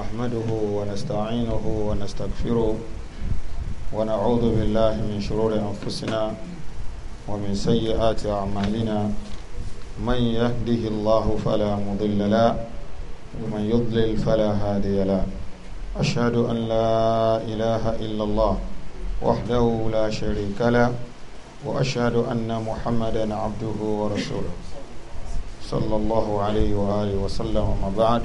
نحمده ونستعينه ونستغفره ونعوذ بالله من شرور أنفسنا ومن سيئات أعمالنا من يهده الله فلا مضل له ومن يضلل فلا هادي له أشهد أن لا إله إلا الله وحده لا شريك له وأشهد أن محمدا عبده ورسوله صلى الله عليه وآله وسلم وما بعد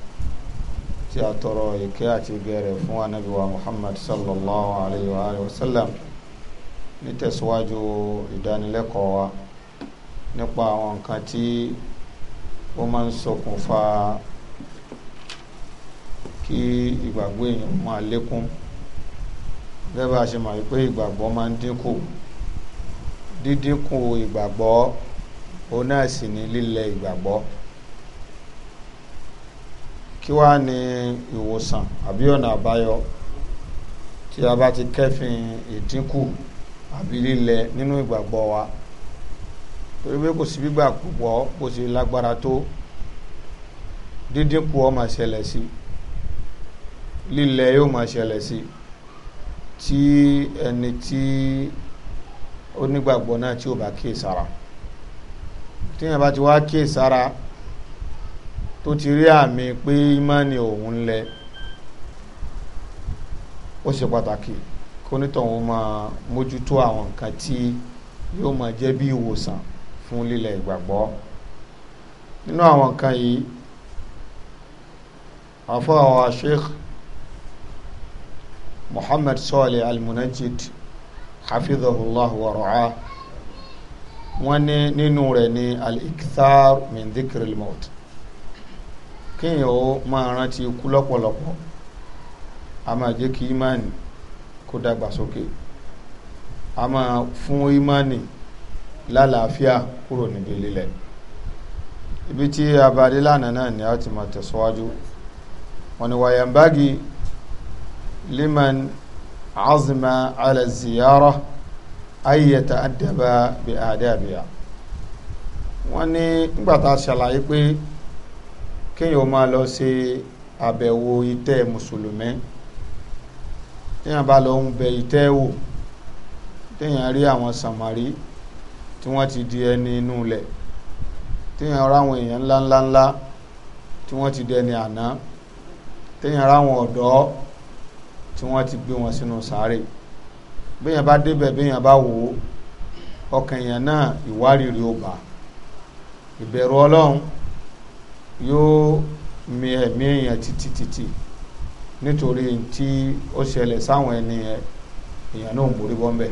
tí a tọrọ ìkẹ́ àti gẹ̀rẹ̀ fún anabi wa muhammad sallallahu alayhi wa alayhi wa sallam ní tẹ̀síwájú ìdánilẹ́kọ̀ọ́ wa nípa àwọn nǹkan tí ó máa ń ṣokùnfà kí ìgbàgbọ́ èèyàn máa lékún bẹ́ẹ̀ bá a ṣe mọ̀ wípé ìgbàgbọ́ máa ń dínkù dídínkù ìgbàgbọ́ òun náà sì ní lílẹ̀ ìgbàgbọ́ kí wá ní ìwòsàn àbí ọ̀nà àbáyọ tí a bá ti kẹ́fìn ìdínkù àbí lílẹ nínú ìgbàgbọ́ wa torí pé kò sí gbígbà púpọ̀ kò sí lágbára tó dídínkù ó máa ṣẹlẹ̀ sí lílẹ yóò máa ṣẹlẹ̀ sí tí ẹni tí onígbàgbọ́ náà tí ò bá kíyèsára tí èèyàn bá ti wá kíyèsára tó ti rí àmì pé ìmánì òun lẹ ó ṣe pàtàkì kó nítọ̀hún máa mójútó àwọn nǹkan tí yóò máa jẹ́ bí ìwòsàn fún lílẹ̀ ìgbàgbọ́ nínú àwọn nǹkan yìí àfọwọ́ sheikh muhammad Salih al hafidhahullah wa ra'ah ní nínú rẹ̀ ní al-ikthar min dhikril kíyàn ó máa rántí ikú lọ́pọ̀lọpọ̀ a máa jẹ́ kí ìmánì kó dàgbà sókè a máa fún ìmánì lálàáfíà kúrò níbi lílẹ̀ ibi tí abadé lánàá náà ni a ti máa tẹ̀síwájú wọn ni wàyàmbági liman azima ala ziyara ayyata adaba bi adabiya wọn ni nígbà tá a ṣàlàyé pé kéèyàn máa lọ ṣe àbẹ̀wò itẹ́ mùsùlùmí téèyàn bá lọ ń bẹ itẹ́ wò téèyàn rí àwọn sàmárì tí wọ́n ti di ẹni inú lẹ̀ téèyàn ráwọn èèyàn ńláńláńlá tí wọ́n ti di ẹni àná téèyàn ráwọn ọ̀dọ́ tí wọ́n ti gbé wọn sínú sáré béèyàn bá débẹ̀ béèyàn bá wò ó ọkàn èèyàn náà ìwárìrì ó bà ìbẹ̀rù ọlọ́run yóò mi ẹ̀mí èèyàn títí títí nítorí tí ó ṣẹlẹ̀ sáwọn ẹni èèyàn náà ń borí bọ́ mbẹ́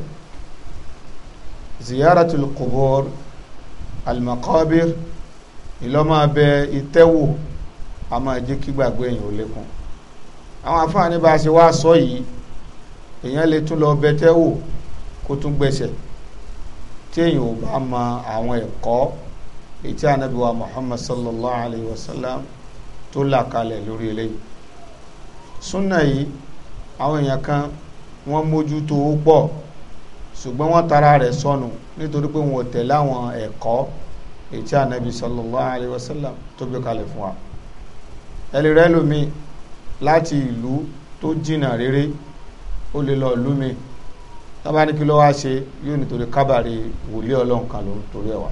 ziyaratul qubur almakabir ìlọ́mọ abẹ ìtẹ́wò a máa jẹ́ kí gbàgbé èèyàn ò lékún àwọn afáàní bá a ṣe wá sọ yìí èèyàn lè tún lọ bẹ tẹ́wò kó tún gbẹ̀sẹ̀ tí èèyàn ò bá mọ àwọn ẹ̀kọ́ ètí ànábì wa muhammad sallallahu alayhi wa sallam tó là kalẹ̀ lórí eléyìí súnà yìí àwọn èèyàn kan wọ́n mójútó ó pọ̀ ṣùgbọ́n wọ́n tara rẹ̀ sọnù nítorí pé wọn ò tẹ̀lé àwọn ẹ̀kọ́ ètí ànábì sallallahu alayhi wa sallam tó gbé kalẹ̀ fún wa ẹlẹ́ rẹ lómi láti ìlú tó jìnnà rere ó lè lọ ìlú mi tábánikí lọ́wọ́ ṣe yóò nítorí kábàárì wòlíọ̀ ọlọ́run ló ń torí ẹ̀ wá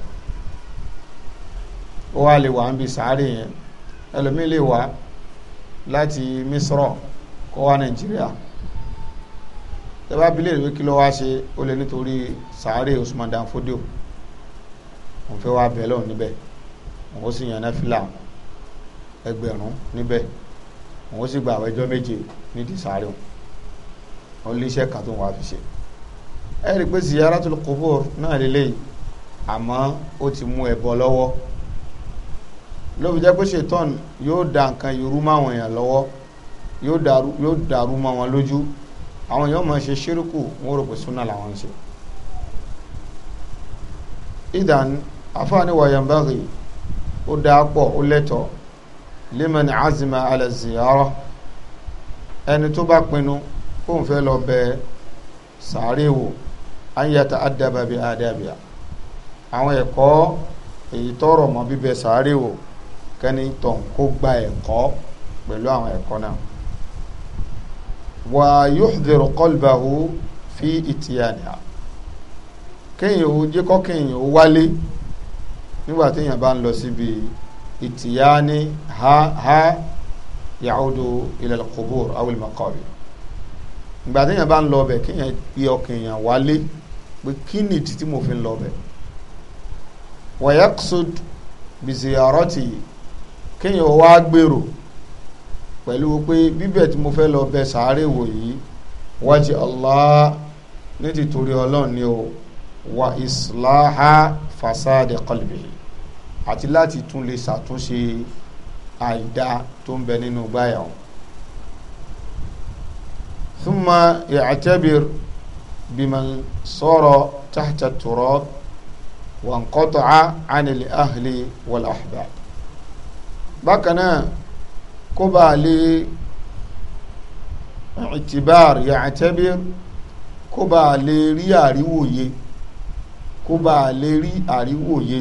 ó wá lè wà ń bi sàárè yẹn ẹlòmíì lè wá láti misrọ kó wá nàìjíríà tẹ́wá bílẹ̀ ìwé kí ló wá ṣe ó lè nítorí sàárè Usman Dan Fodio òun fẹ́ wá bẹ̀ lọ́hùn níbẹ̀ òun ó sì yàn náà fìlà ẹgbẹ̀rún níbẹ̀ òun ó sì gba àwọn ẹjọ́ méje nídìí sàárè òun òun kan tó wàá fi ṣe ẹ rí i pé ziyaratul qubur náà lélẹ́yìí àmọ́ ó ti mú ẹbọ lọ́wọ́ ló fi jẹ́ pé ṣètọ́n yóò da nǹkan yorú máwọn èèyàn lọ́wọ́ yóò dàrú mọ́ wọn lójú àwọn èèyàn máa ṣe ṣírùkù wọn rò pé súnà làwọn ń ṣe. idan afaani wayambagi ó dáa pọ̀ ó lẹ́tọ̀ọ́ limani azima ala ziyara ẹni tó bá pinnu kó n fẹ́ lọ bẹ̀ sàárè wò anyata adaba bi adabia àwọn ẹ̀kọ́ èyí tọrọ mọ́ bíbẹ̀ sàárè kẹ́ni tọ̀hún kó gba ẹ̀kọ́ pẹ̀lú àwọn ẹ̀kọ́ náà wà yuhdhiru qalbahu fi ìtìyànìá kéèyàn ó jẹ́ kọ́ kéèyàn ó wálé nígbà téèyàn bá ń lọ síbi ìtìyàní ha ha ya'udu ila al-qubur aw al-maqabir ìgbà bá ń lọ ọbẹ̀ kéèyàn pe ọkèèyàn wálé pé kí ni títí mo fi ń lọ ọbẹ̀ wa yaqsud bi ziyaratihi kéèyàn wá gbèrò pẹ̀lú pé bíbẹ̀ tí mo fẹ́ lọ bẹ sàárè wò yìí wájú Allah ní ti torí ọlọ́run ni o wa islaha fasade qalbi àti láti tún lè ṣàtúnṣe àìdá tó ń bẹ nínú gbáyà wọn. thumma i'tabir biman sara tahta turab wa inqata'a 'anil ahli wal ahbab bákan náà kó bá lè ìtìbáàr yàtẹ́bír kó bá lè rí àríwòye kó bá lè rí àríwòye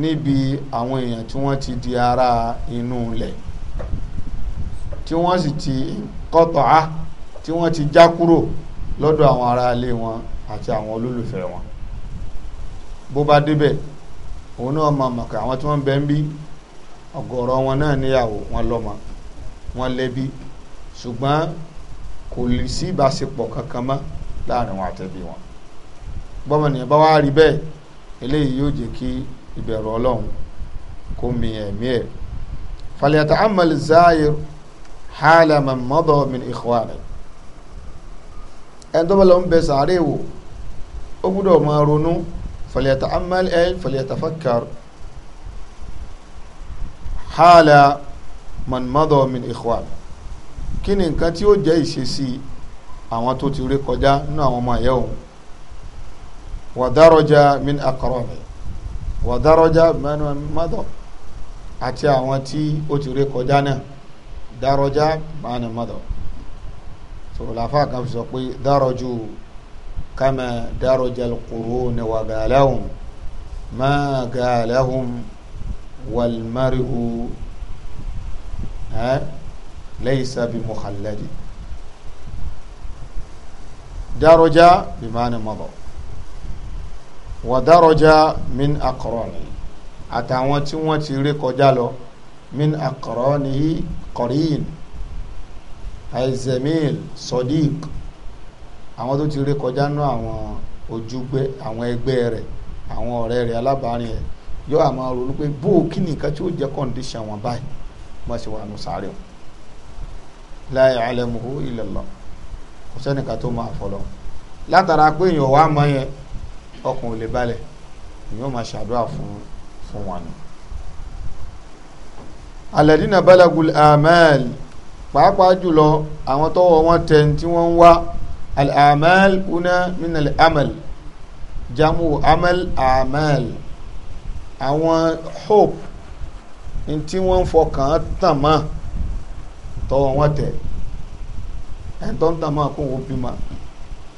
níbi àwọn èèyàn tí wọ́n ti di ara inú ilẹ̀ tí wọ́n sì ti kọ́tọ̀ á tí wọ́n ti já kúrò lọ́dọ̀ àwọn ará ilé wọn àti àwọn olólùfẹ́ wọn bó bá débẹ̀ òun náà mọ̀ kà àwọn tí wọ́n bẹ ń bí ọ̀gọ̀rọ̀ wọn náà níyàwó wọn lọ́mọ wọn lẹ́bí ṣùgbọ́n kò lè sí ìbáṣepọ̀ kankan mọ́ láàrin wọn àtẹ̀bí wọn bọ́mọnìyàn bá wá rí bẹ́ẹ̀ eléyìí yóò jẹ́ kí ìbẹ̀rù ọlọ́run kó mi ẹ̀mí ẹ̀ fàlẹ́tà amẹ́lì záyé hàlẹ́ mọ́dọ̀ mi ìkọ́wà rẹ̀ ẹni ń bẹ sàárè wò ó gbúdọ̀ máa ronú fàlẹ́tà amẹ́lì ẹ̀ fàlẹ́tà fàkàrọ̀ hàlà mọ̀nmọ́dọ̀ min ikhwan kí ni nǹkan tí ó jẹ́ ìṣesí àwọn tó ti rí kọjá nínú àwọn ọmọ ẹ̀yà òun wàdárọjà min akọrọ̀bẹ̀ wàdárọjà mọ̀nmọ́dọ̀ àti àwọn tí ó ti rí kọjá náà dárọjà mọ̀nmọ́dọ̀ sọ̀rọ̀ làfà kan fi sọ pé dárọjù kama dárọjà kúrò ní wàgàlẹ́hùn má gàlẹ́hùn. والمرء ها ليس بمخلد درج بمعنى مضى ودرج من أقرانه àtàwọn tí wọ́n ti rí kọjá lọ min aqranihi qarin aizemil sodiq àwọn tó ti rí kọjá náà àwọn ojúgbé àwọn ẹgbẹ́ rẹ̀ àwọn ọ̀rẹ́ rẹ̀ alábàárìn rẹ̀ yọ àmọ́ ronú pé bó o kí nìkan tí ó jẹ́ kọ́ndíṣàn wọn báyìí wọ́n sì wà nù sáré o la ya'lamuhu illa Allah kò sẹ́nìkan tó máa fọlọ́ látara pé èèyàn wá mọ yẹn ọkàn ò lè balẹ̀ èèyàn máa ṣàdúrà fún fún wọn ni. alladina balagul amal pàápàá jùlọ àwọn tọwọ́ wọn tẹ̀ tí wọ́n ń wá al amal una min al jamu amal amal. àwọn hope ní tí wọ́n ń fọkàn tàn mọ́ tọwọ́ wọn tẹ̀ ẹni tó ń tàn mọ́ kó wọ́n bímọ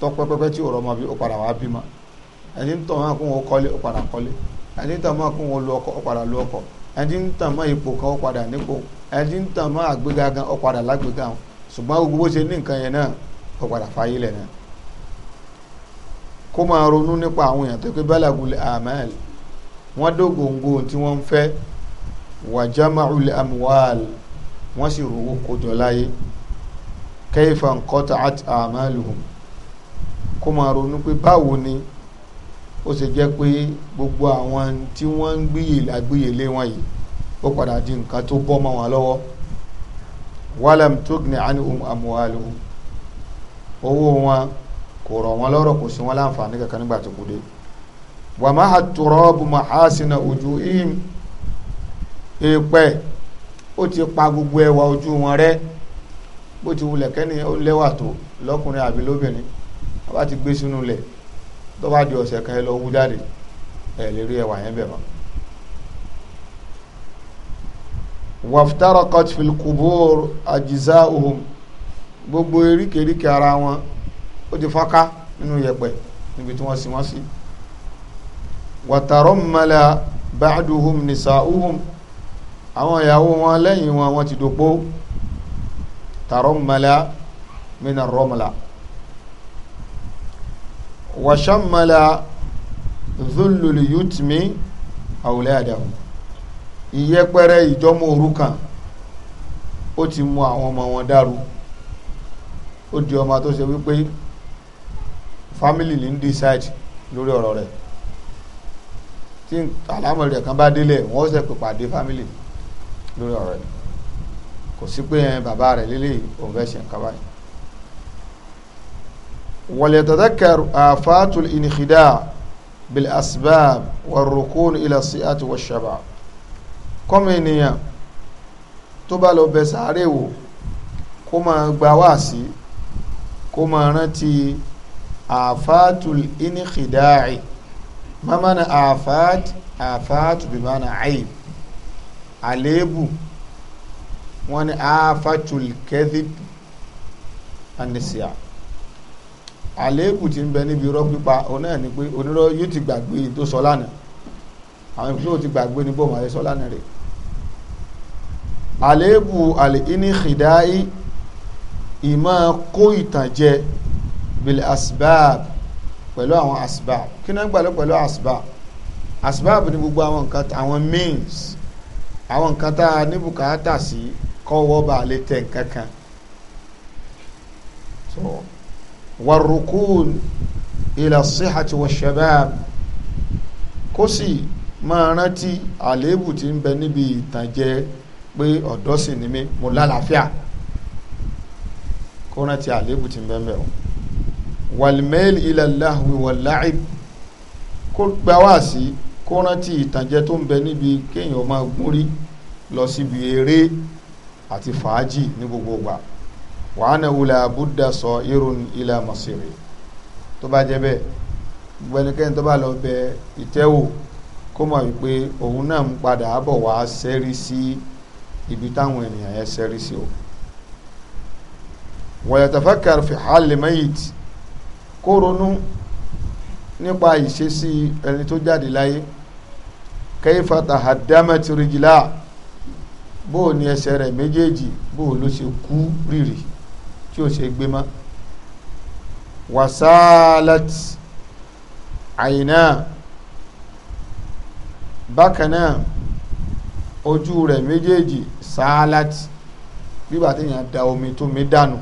tọ́ pẹ́pẹ́pẹ́ tí òrọ̀ ọmọ bí ó padà wá bímọ ẹni tó ń tàn mọ́ kó wọ́n kọ́lé ó padà kọ́lé ẹni tó ń tàn mọ́ lu ó padà lu ẹni tó ń tàn mọ́ ipò kan ó padà nípò ẹni ń tàn mọ́ wọ́n dógóńgó tí wọ́n ń fẹ́ wàjámàul amwal wọ́n sì rówó kójọ láyé kayfa inqata'at a'maluhum kó máa ronú pé báwo ni ó ṣe jẹ́ pé gbogbo àwọn tí wọ́n ń gbìyè lágbìyèlé wọn yìí ó padà di nǹkan tó bọ́ mọ́ wọn lọ́wọ́ walam tughni anhum amwaluhum owó wọn kò rọ̀ wọ́n lọ́rọ̀ kò sí wọn láǹfààní kankan nígbà tó kú dé wà má ha turabu mahasina wujuhim èèpẹ̀ ó ti pa gbogbo ẹwà ojú wọn rẹ́ bó ti wulẹ̀ kẹ́ni ó lẹ́wà tó lọ́kùnrin àbí lóbìnrin wọ́n bá ti gbé sínú lẹ̀ tó di ọ̀sẹ̀ kan ẹ lọ wú jáde ẹ lè rí ẹwà yẹn bẹ̀ mọ́. wàftaraqat fil qubur ajza'uhum gbogbo eríkèéríkèé ara wọn ó ti fọ́nká nínú yẹ̀pẹ̀ níbi tí wọ́n sin wọ́n sí. Si wàtàrọ́mọlá bàdùhùm nìsàúhùm àwọn ìyàwó wọn lẹ́yìn wọn wọ́n ti dòpó tàrọ́mọlá mina rọ́mọlá wàṣàmọlá zulul yutmi awladahum ìyẹpẹrẹ ìjọmọ òrukàn ó ti mú àwọn ọmọ wọn dàrú ó di ọmọ tó ṣe wípé family ní decide lórí ọ̀rọ̀ rẹ̀ tí àlámọ̀rí rẹ̀ kan bá délẹ̀ wọ́n ṣe pè pàdé fámìlì lórí ọ̀rọ̀ rẹ̀ kò sí pé bàbá rẹ̀ lélẹ̀ òun fẹ́ ṣe nǹkan báyìí. وليتذكر آفات الانخداع بالأسباب والركون إلى الصيئة والشبع kọ́mọ ènìyàn tó bá lọ bẹ sàárè wò kó máa gba wáàsí kó máa rántí àfáàtúl inìkìdáì mamana afat afat bimana aib àléébù wọ́n ní afatul kadhib anisia àléébù tí ń bẹ níbi irọ́ pípa òun náà ni pé onírọ́ yóò ti gbàgbé tó sọ lánàá àwọn ìpínlẹ̀ ti gbàgbé ní bóun àyẹ́sọ lánàá rẹ̀ àléébù àlè iní khidai ìmọ̀ kó ìtànjẹ bil asbab pẹ̀lú àwọn asbab kí náà gbàlọ́ pẹ̀lú asbab asbab ni gbogbo àwọn nǹkan àwọn means àwọn nǹkan tá a ní bùkátà sí kọ́wọ́ bá lè tẹ̀ nǹkan kan so warukun ila sihati wa shabab kó sì máa rántí àléébù tí ń bẹ níbi ìtànjẹ pé ọ̀dọ́ sì ni mí mo lálàáfíà kó rántí àléébù tí ń bẹ ń bẹ o wàlmẹ́lì ilàláhùn wàláì kó gba wá sí kó rántí ìtànjẹ tó ń bẹ níbi kéèyàn máa gún rí lọ síbi eré àti fàájì ní gbogbo ìgbà wàhánà wùlà buddha sọ irun ilà masiri tó bá jẹ́ bẹ́ẹ̀ gbẹnikẹ́ni tó bá lọ bẹ ìtẹ́wò kó mọ̀ wípé òun náà ń padà bọ̀ wá sẹ́rí sí ibi táwọn ènìyàn yẹn sẹ́rí sí o wàyàtàfàkàr fi hàlì mayit kó ronú nípa ìṣesí ẹni tó jáde láyé kayfa tahaddamat rijla bóò ní ẹsẹ̀ rẹ̀ méjèèjì bóò ló ṣe kú rírì tí ò ṣe gbé mọ́ wasalat àyìnà bákan ojú rẹ̀ méjèèjì salat bíbà téèyàn da omi tó mi dànù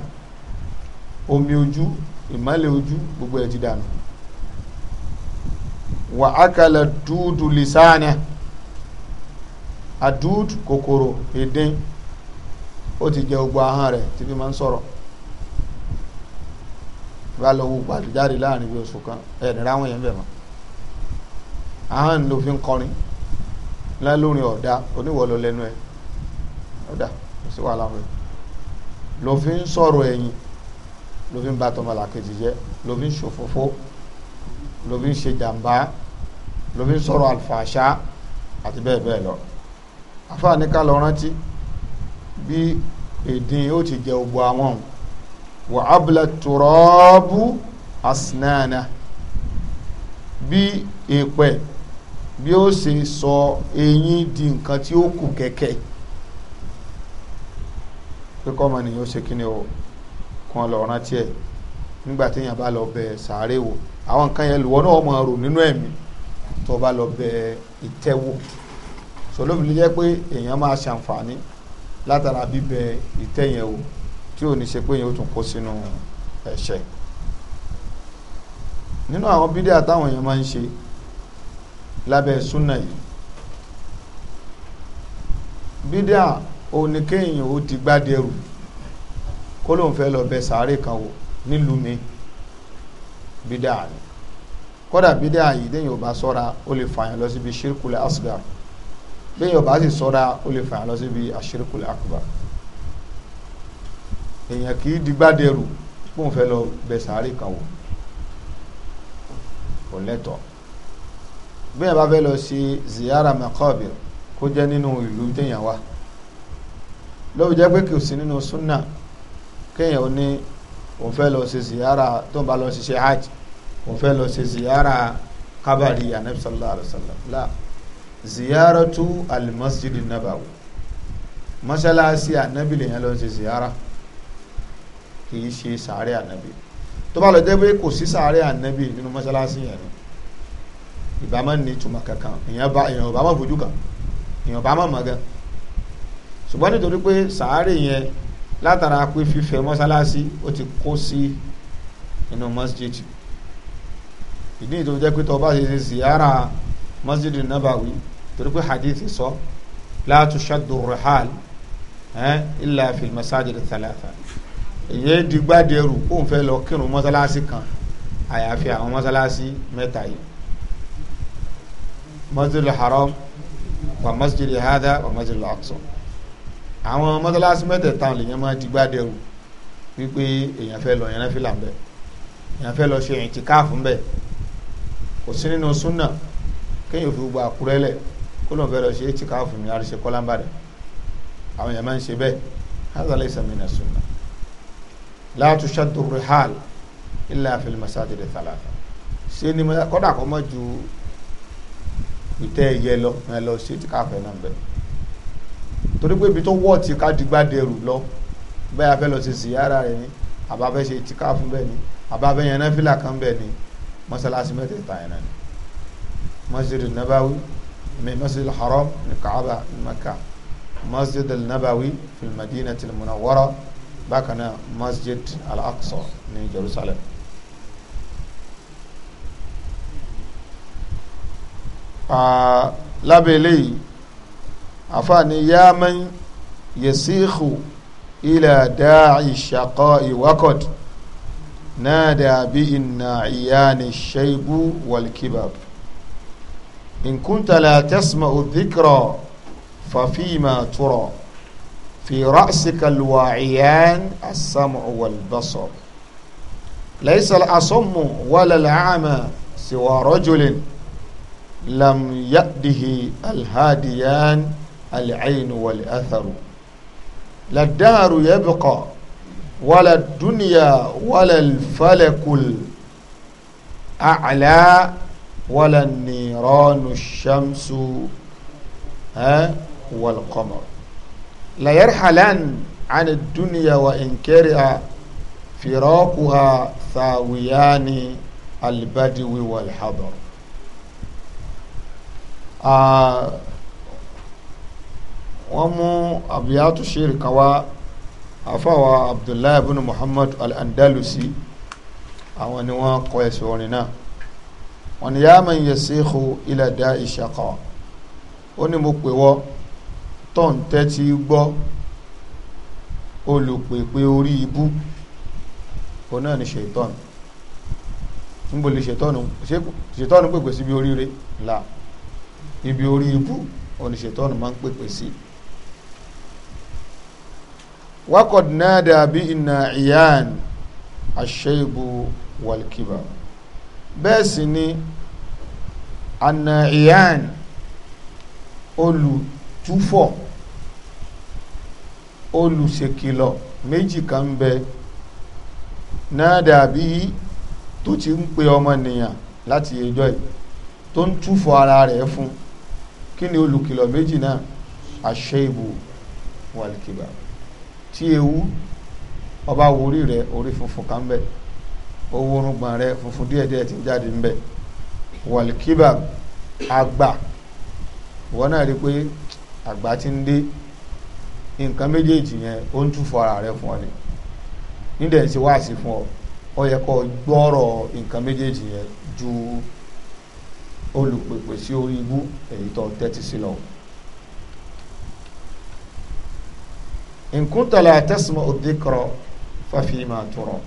omi ojú ìmọ́lẹ̀ ojú gbogbo ẹ̀ ti dànù wà ákàlà dúdú lìsáàni àdúdú kòkòrò èdè ó ti jẹ gbogbo ahọ́n rẹ̀ tí fi máa ń sọ̀rọ̀ bá lọ wo gbàdújáde láàrin bí oṣù kan ẹ̀ nira àwọn yẹn bẹ̀ mọ́ ahọ́n ló fi ń kọrin lálórin ọ̀dà oníwọ̀lọ́ lẹ́nu ẹ̀ ọ̀dà kò sí wàhálà wọn ló fi ń sọ̀rọ̀ ẹ̀yìn ló fi ń ba tọmọlàkejì jẹ ló fi ń ṣòfófó ló fi ń ṣe jàǹbá ló fi ń sọ̀rọ̀ àlfàṣà àti bẹ́ẹ̀ bẹ́ẹ̀ lọ àfààní ká lọ rántí bí ìdín ó ti jẹ ògbó àwọn wà ábúlẹ̀ tùrọ́bù àsìnáàna bí èèpẹ̀ bí ó ṣe sọ eyín di nǹkan tí ó kù kẹ̀kẹ́ pé kọ́mọ nìyẹn ṣe kí ni o wọn lọ rántí ẹ nígbà téèyàn bá lọ bẹ sàárè wò àwọn nǹkan yẹn lùwọ́ náà máa rò nínú ẹ̀mí tó bá lọ bẹ ìtẹ́ wò sọlọ́bìlì jẹ́ pé èèyàn máa ṣàǹfààní látara bíbẹ ìtẹ́ yẹn wò tí ò ní ṣe pé yẹn ó tún kó sínú ẹ̀ṣẹ̀ nínú àwọn bídíà táwọn èèyàn máa ń ṣe lábẹ́ súnà yìí bídíà òun ni kéèyàn ó ti gbádẹ́rù kó ló ń fẹ́ lọ bẹ sàárè kan wò nílùú mi bídà ni kódà bídà yìí déyìn ò bá sọ́ra ó lè fààyàn lọ síbi ṣírkùlẹ̀ asgar déyìn ò bá sì sọ́ra ó lè fààyàn lọ síbi àṣírkùlẹ̀ akbar èèyàn kì í digbádẹrù kóun fẹ́ lọ bẹ sàárè kan wò kò lẹ́tọ̀ọ́ bí bá fẹ́ lọ sí ziyara makabir kó jẹ́ nínú ìlú téèyàn wà lọ́wọ́ jẹ́ pé kò sí nínú sunna kéèyàn ó ní òun fẹ́ lọ ṣe ziyara tó ń bá lọ ṣiṣẹ́ hajj òun fẹ́ lọ ṣe ziyara kábàrí anabi sallallahu alayhi wa sallam la ziyaratu almasjid nabawi mọ́ṣáláṣí anabi lèyàn lọ ṣe ziyara kì í ṣe sàárẹ̀ anabi tó bá lọ jẹ́ pé kò sí sàárẹ̀ anabi nínú mọ́ṣáláṣí yẹn ni ìbámu ní ìtumọ̀ kankan èèyàn bá èèyàn ò fojú kan èèyàn ò mọ̀ gan ṣùgbọ́n nítorí pé sàárẹ̀ yẹn látara pé fífẹ̀ mọ́sálásí ó ti kó sí inú masjid ìdí ìtò jẹ́ pé tó bá ṣe ṣe ziyara masjid nabawi torí pé hadith sọ la tushaddu rihal eh, illa fil masajid thalatha èyí dìgbàdẹrù kó n fẹ́ lọ kírun mọ́sálásí kan àyàfi àwọn mọ́sálásí mẹ́ta yìí masjid haram wa masjid hadha wa masjid al àwọn mọ́tàlásí mẹ́tẹ̀ẹ̀ta lèyàn máa ti gbádẹ́rù wípé èèyàn fẹ́ lọ yẹn fìlà ń bẹ̀ èèyàn fẹ́ lọ ṣe ẹ̀yìn tìkáàfù ń bẹ̀ kò sí nínú súnà kéèyàn fi gbogbo àkúrẹ́ lẹ̀ kó lóun fẹ́ lọ ṣe tìkáàfù ní àríṣe kọ́lámbàdà àwọn èèyàn máa ń ṣe bẹ́ẹ̀ hàzà lè sàmì nà súnà láti ṣàtò rihal ilẹ̀ àfẹ́lẹ́ masajid thalatha ṣé ni kọ́dà kọ́ mọ́ ju ìtẹ́ ẹ̀yẹ lọ ẹ lọ ṣe tìkáàfù ẹ̀ náà bẹ́ẹ̀ torí pé ibi tó wọ̀ tí ká dìgbà dẹrù lọ bẹ́ẹ̀ a fẹ́ lọ sí ziyara rẹ̀ ni àbá fẹ́ ṣe tíká fún bẹ́ẹ̀ ni àbá fẹ́ yan náfìlà kan bẹ́ẹ̀ ni mọ́sálásí mẹ́tẹ̀ẹ̀ta yẹn náà ni masjid nabawi masjid haram ní kaaba ní maka masjid nabawi fi madina ti munawwara bákan náà masjid al-aqsa ní jerusalem. Ah, lábẹ́ eléyìí. أفاني يا من يسيخ إلى داعي الشقاء وقد نادى بإن عيان الشيب والكباب إن كنت لا تسمع الذكرى ففيما ترى في رأسك الواعيان السمع والبصر ليس الأصم ولا العمى سوى رجل لم يأده الهاديان العين والأثر لا الدهر يبقى ولا الدنيا ولا الفلك الأعلى ولا النيران الشمس ها والقمر لا يرحلن عن الدنيا وإن كره فراقها ثاويان البدو والحضر آه wọ́n mú abiyatu shiri kan wá abdullahi ibn muhammad al-andalusi àwọn ni wọ́n kọ ẹ̀sùn orin náà wọ́n ni yáa máa ń yẹ séèkù ilẹ̀ dá ìṣàkọ́ ó ní mo pè wọ́ tọ́ǹ tẹ́tí gbọ́ olùpèpè orí ibú òun náà ni ṣètọ́nù níbo lè ṣètọ́nù ṣètọ́nù pèpè síbi oríire là ibi orí ibú òun ni ṣètọ́nù máa ń pèpè sí i wakọd náà dàbí iná ìyáàn àṣẹ́ìbù wàlkìbà bẹ́ẹ̀ sì ni àna ìyáàn olùtúfọ̀ olùṣèkìlọ̀ méjì kan bẹ náà dàbí tó ti ń pe ọmọnìyàn láti ẹjọ́ yìí tó ń túfọ̀ ara rẹ̀ fún kí ni olùkìlọ̀ méjì náà àṣẹ́ìbù wàlkìbà tí ewu ọba wo rẹ orí funfun kan bẹ owó orúngbọ̀n rẹ funfun díẹ̀díẹ̀ ti jáde ń bẹ wàlíkíbà àgbà ìwọ náà rí i pé àgbà ti ń dé nǹkan méjèèjì yẹn ó ń rẹ fún ọ ni nídẹ̀ ń ṣe wáàsí fún ọ ó yẹ kó gbọ́rọ̀ nǹkan méjèèjì yẹn ju olùpèpè sí orí ibú lọ. in kunta la tasma'u dhikra fa fima tura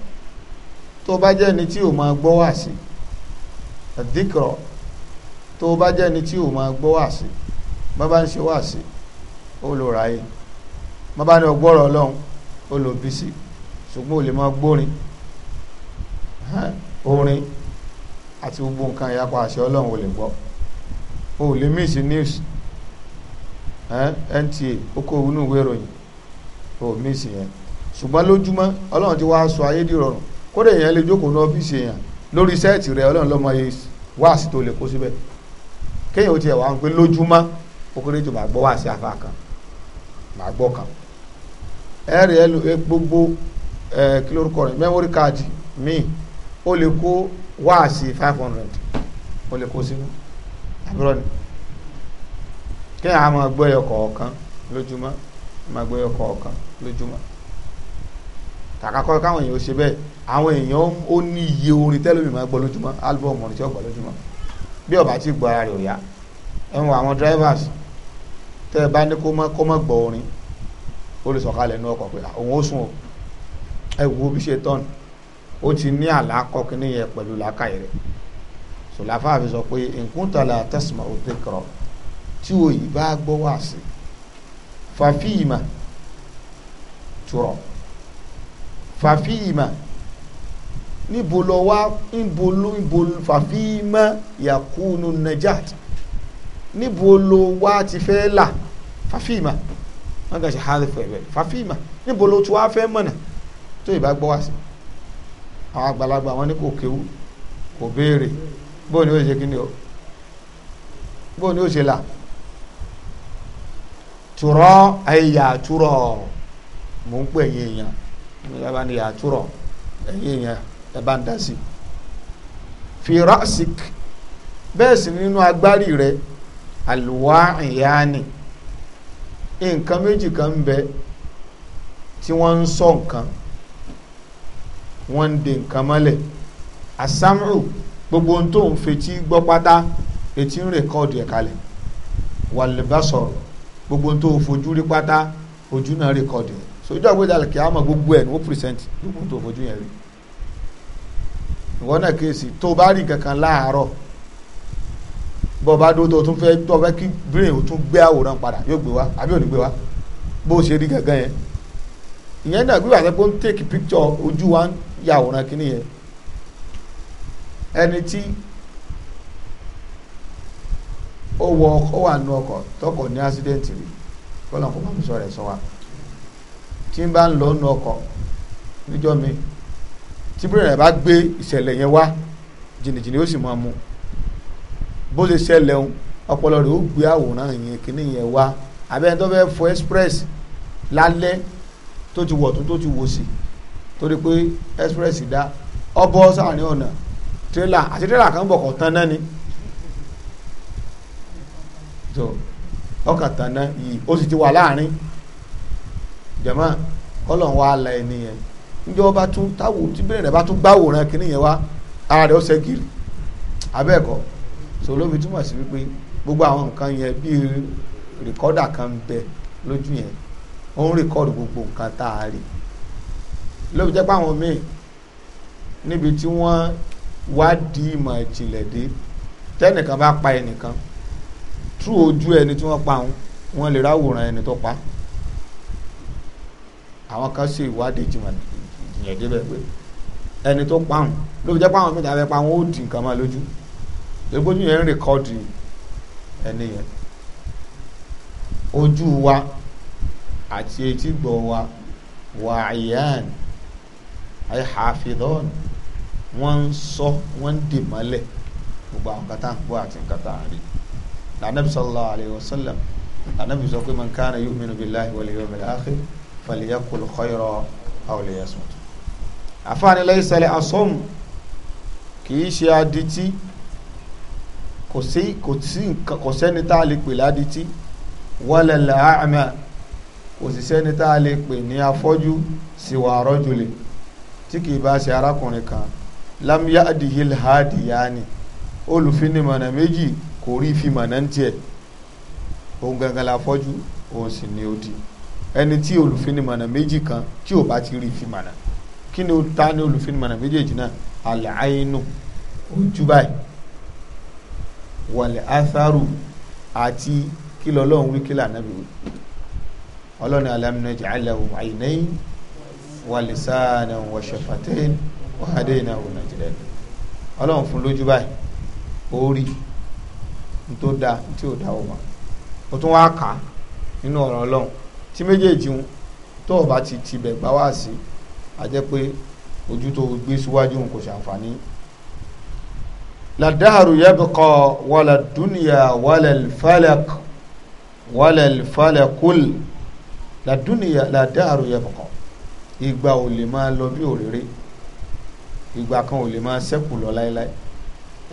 tó bá jẹ́ ni tí o máa gbọ́ wá sí dhikra tó bá jẹ́ ni tí o máa gbọ́ wá sí bá bá ń ṣe wá sí ó lò ráyè bá bá ní ọgbọ́rọ̀ ọlọ́run ó lò bí sí ṣùgbọ́n ò o ò miss news nta ó kó ìwé ìròyìn o miss yẹn ṣùgbọ́n lójúmọ́ ọlọ́run ti wá ayé dìrọ̀rùn kódà èèyàn lè jókòó ní ọ́fíìsì èèyàn lórí sẹ́ẹ̀tì rẹ̀ ọlọ́run lọ́mọ yìí tó lè kó síbẹ̀ kéèyàn ó wá pé lójúmọ́ jù gbọ́ kan gbọ́ kan ẹ̀rì gbogbo kí rẹ̀ káàdì míì ó lè kó five hundred ó lè kó sínú àbúrò ni kéèyàn á máa gbọ́ kọ̀ọ̀kan lójúmọ́ máa gbọ́ kọ̀ọ̀kan lójúmọ́ kàkàkọ́ káwọn èèyàn ó ṣe bẹ́ẹ̀ àwọn èèyàn ó ní iye orin tẹ́lómi máa gbọ́ lójúmọ́ álbọ̀mù orin tí ó gbọ́ lójúmọ́ bí ọba ti gbọ́ ara rẹ̀ ò yá ẹ̀wọ̀n àwọn drivers tẹ́ ẹ bá ní kó mọ́ kó mọ́ gbọ́ orin ó lè sọ̀kalẹ̀ inú ọkọ̀ pé òun ó sùn o ẹ wo bí ṣe tọ́nu ó ti ní àlákọ́ kínní yẹn pẹ̀lú làákàyè rẹ̀ sòláfà fi sọ pé nkúntàlà tẹ̀sán òtẹ́kọ̀rọ̀ tí òyì bá gbọ́ wá sí fàfíìmà turọ fàfihìmà níbo lọ wá níbo ló níbo fàfihìmà yakunu najat níbo ló wá ti fẹ́ là fàfihìmà wọn kà ṣe hàlẹ́ fẹ̀rẹ̀ fàfihìmà níbo ló ti wá fẹ́ mọ̀nà tó ìbá gbọ́ wá sí àwọn àgbàlagbà wọn ní kò kéwú kò béèrè bóun ni ó ṣe kí o bóun ni ó ṣe là turọ ẹ̀yà turọ. mò ń pè yín èèyàn ẹ bá ní àtúrọ̀ ẹ̀yìn èèyàn ẹ bá ń dá sí fi rasik bẹ́ẹ̀ sì nínú agbárí rẹ àlùwá ìyáni nǹkan méjì kan ń bẹ tí wọ́n ń sọ nǹkan de nǹkan mọ́lẹ̀ gbogbo ohun tó ń fetí gbọ́ pátá etí ń ẹ̀ kalẹ̀ gbogbo ohun tó fojú rí pátá ojú so ìjọ àgbéjà kì á mọ̀ gbogbo ẹ̀ ní ó pìrìsẹ́ǹtì gbogbo tó fojú yẹn rí ìwọ náà kéèsì tó bá rí kankan láàárọ̀ bọ́ bá dúró tó tún fẹ́ tó fẹ́ kí brain ò tún gbé àwòrán padà yóò gbé wá àbí ò ní gbé wá bó ṣe rí kankan yẹn ìyẹn náà gbé wàtẹ́ pé ó ń take picture ojú wa ń ya àwòrán kíní yẹn ẹni tí ó wọ ọkọ̀ wà nù ọkọ̀ tọkọ̀ ní accident rí kọ́lọ́n kó má mi sọ rẹ̀ sọ wa. So tí n bá ń lọ nu ọkọ̀ níjọ́ mi tí bírèdì rẹ̀ bá gbé ìṣẹ̀lẹ̀ yẹn wá jìnnìjìnnì ó sì máa mu bó ṣe ṣẹlẹ̀ òun ọpọlọ rẹ̀ ó gbé àwòrán yẹn kíní yẹn wá abẹ́ni tó fẹ́ fọ express lálẹ́ tó ti wọ̀ tó tó ti wò sí torí pé express dá ọbọ̀ sáàrin ọ̀nà tírélà àti tírélà kan bọ̀ tán náà ni ọkàn tán náà yìí ó sì ti wà láàrin jẹ̀mọ́ kọ́lọ̀ wa la ẹni yẹn níjọ́ bá tún táwò tí bẹ́ẹ̀ rẹ̀ bá tún gbáwòrán kínní yẹn wá ara rẹ̀ ó ṣe gírì abẹ́ẹ̀kọ́ sòlóbi túmọ̀ sí wípé gbogbo àwọn nǹkan yẹn bíi rìkọ́dà kan bẹ lójú yẹn ó ń rìkọ́dù gbogbo nǹkan tá a rí lóbi jẹ́ pé àwọn míì níbi tí wọ́n wádìí ìmọ̀ ìjìnlẹ̀ dé tẹ́nìkan bá pa ẹnìkan tú ojú ẹni tí wọ́n pa òun lè ráwòrán ẹni tó pa á àwọn kan sì wádìí jìmọ̀ ìyẹn débẹ̀ pé ẹni tó pààrùn ló fi jẹ́ pààrùn mìíràn fẹ́ pa àwọn ó dì nǹkan máa lójú lójú yẹn ń rìkọ́dì ẹni yẹn ojú wa àti etí gbọ́ wa wàáyán ayé hafidọ́n wọ́n ń sọ wọ́n ń dì mọ́lẹ̀ gbogbo àwọn kata ń gbọ́ àti nǹkan rí lànà bisalòlá aleyhi wa sallam lànà bisalòlá pé man kana yu'minu billahi wal yawmil akhir falyakul khayra aw liyasmut àfáàní lẹ́sẹ̀lẹ̀ asọ́mù kìí ṣe adití kò sí kò sí kò sẹ́ni tá a lè pè ládití wàlẹ̀lẹ̀ àmà kò sì sẹ́ni tá a lè pè ní afọ́jú síwà rọ́jùlẹ̀ tí kìí bá ṣe arákùnrin kan lámúyá adìhìl hádìyáni olùfinimọ̀nà méjì kò rí ìfimọ̀nà ń tiẹ̀ òun gangan la fọ́jú òun sì ni ó di ẹni tí olùfinimọ̀nà méjì kan tí ò bá ti rí ìfimọ̀nà kí ni ó ta ní olùfinimọ̀nà méjèèjì náà àlẹ́ àyínú ojú báyìí wọ̀lẹ̀ atharu àti kí lọ́lọ́run wí kí lànàbí wí ọlọ́run alámìnà jàálẹ̀ àìnáyí wàlẹ̀ sáànà wọ̀ṣẹ̀fàtẹ́yìn wàhádé iná òun àjẹ́lẹ̀ ọlọ́run fún lójú báyìí ó rí tó da tí ò dá ọmọ ó tún wá kà nínú ọ̀rọ̀ ọlọ́run tí méjèèjì ń tó o bá ti tibẹ̀ gbá wá sí a jẹ́ pé ojú tó gbé síwájú kò ṣàǹfààní. ladaharu yabqa wala dunya wala falak wala falakul ladunya ladaharu yabqa ìgbà ò lè máa lọ bí òréré ìgbà kan ò lè máa ṣẹ́kù lọ láéláé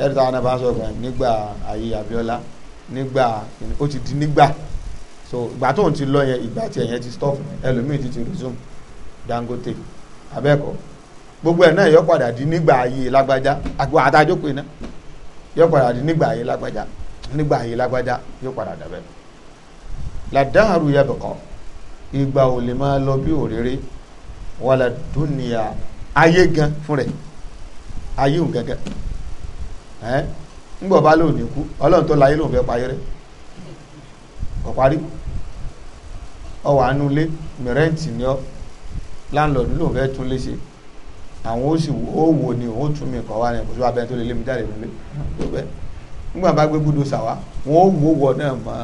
ẹ̀rí táwọn náà bá ń sọ̀rọ̀ nígbà ayé Abíọ́lá nígbà ó ti di nígbà so ìgbà tó ń ti lọ yẹn ìgbà tí ya ti stop ẹlòmíì ti ti resume Dangote abẹ́ẹ̀kọ́ gbogbo ẹ̀ náà yọ padà di nígbà ayé lágbájá àgbà àtàjókòó iná yọ padà di nígbà ayé lágbájá nígbà ayé lágbájá yọ padà dàbẹ́ làdáàrú yẹ bẹ̀kọ́ ìgbà ò lè máa lọ bí òréré wàlà dúnìyà ayé gan fún ayé gẹ́gẹ́ ẹ̀ ń gbọ̀ bá lóun ní kú ọlọ́run tó lóun fẹ́ kò parí ọ wà nù lé mìrẹ́ǹtì ni ọ láńlọ́ọ̀dù ló ń fẹ́ tún lé ṣe àwọn ó sì ó wò ni ó tún mi kọ̀ wá ni kò sí abẹ́rẹ́ tó lè lé mi jáde nílé tó bẹ́ẹ̀ nígbà bá gbé gbúdo sàwá wọn ó wò wọ náà mọ́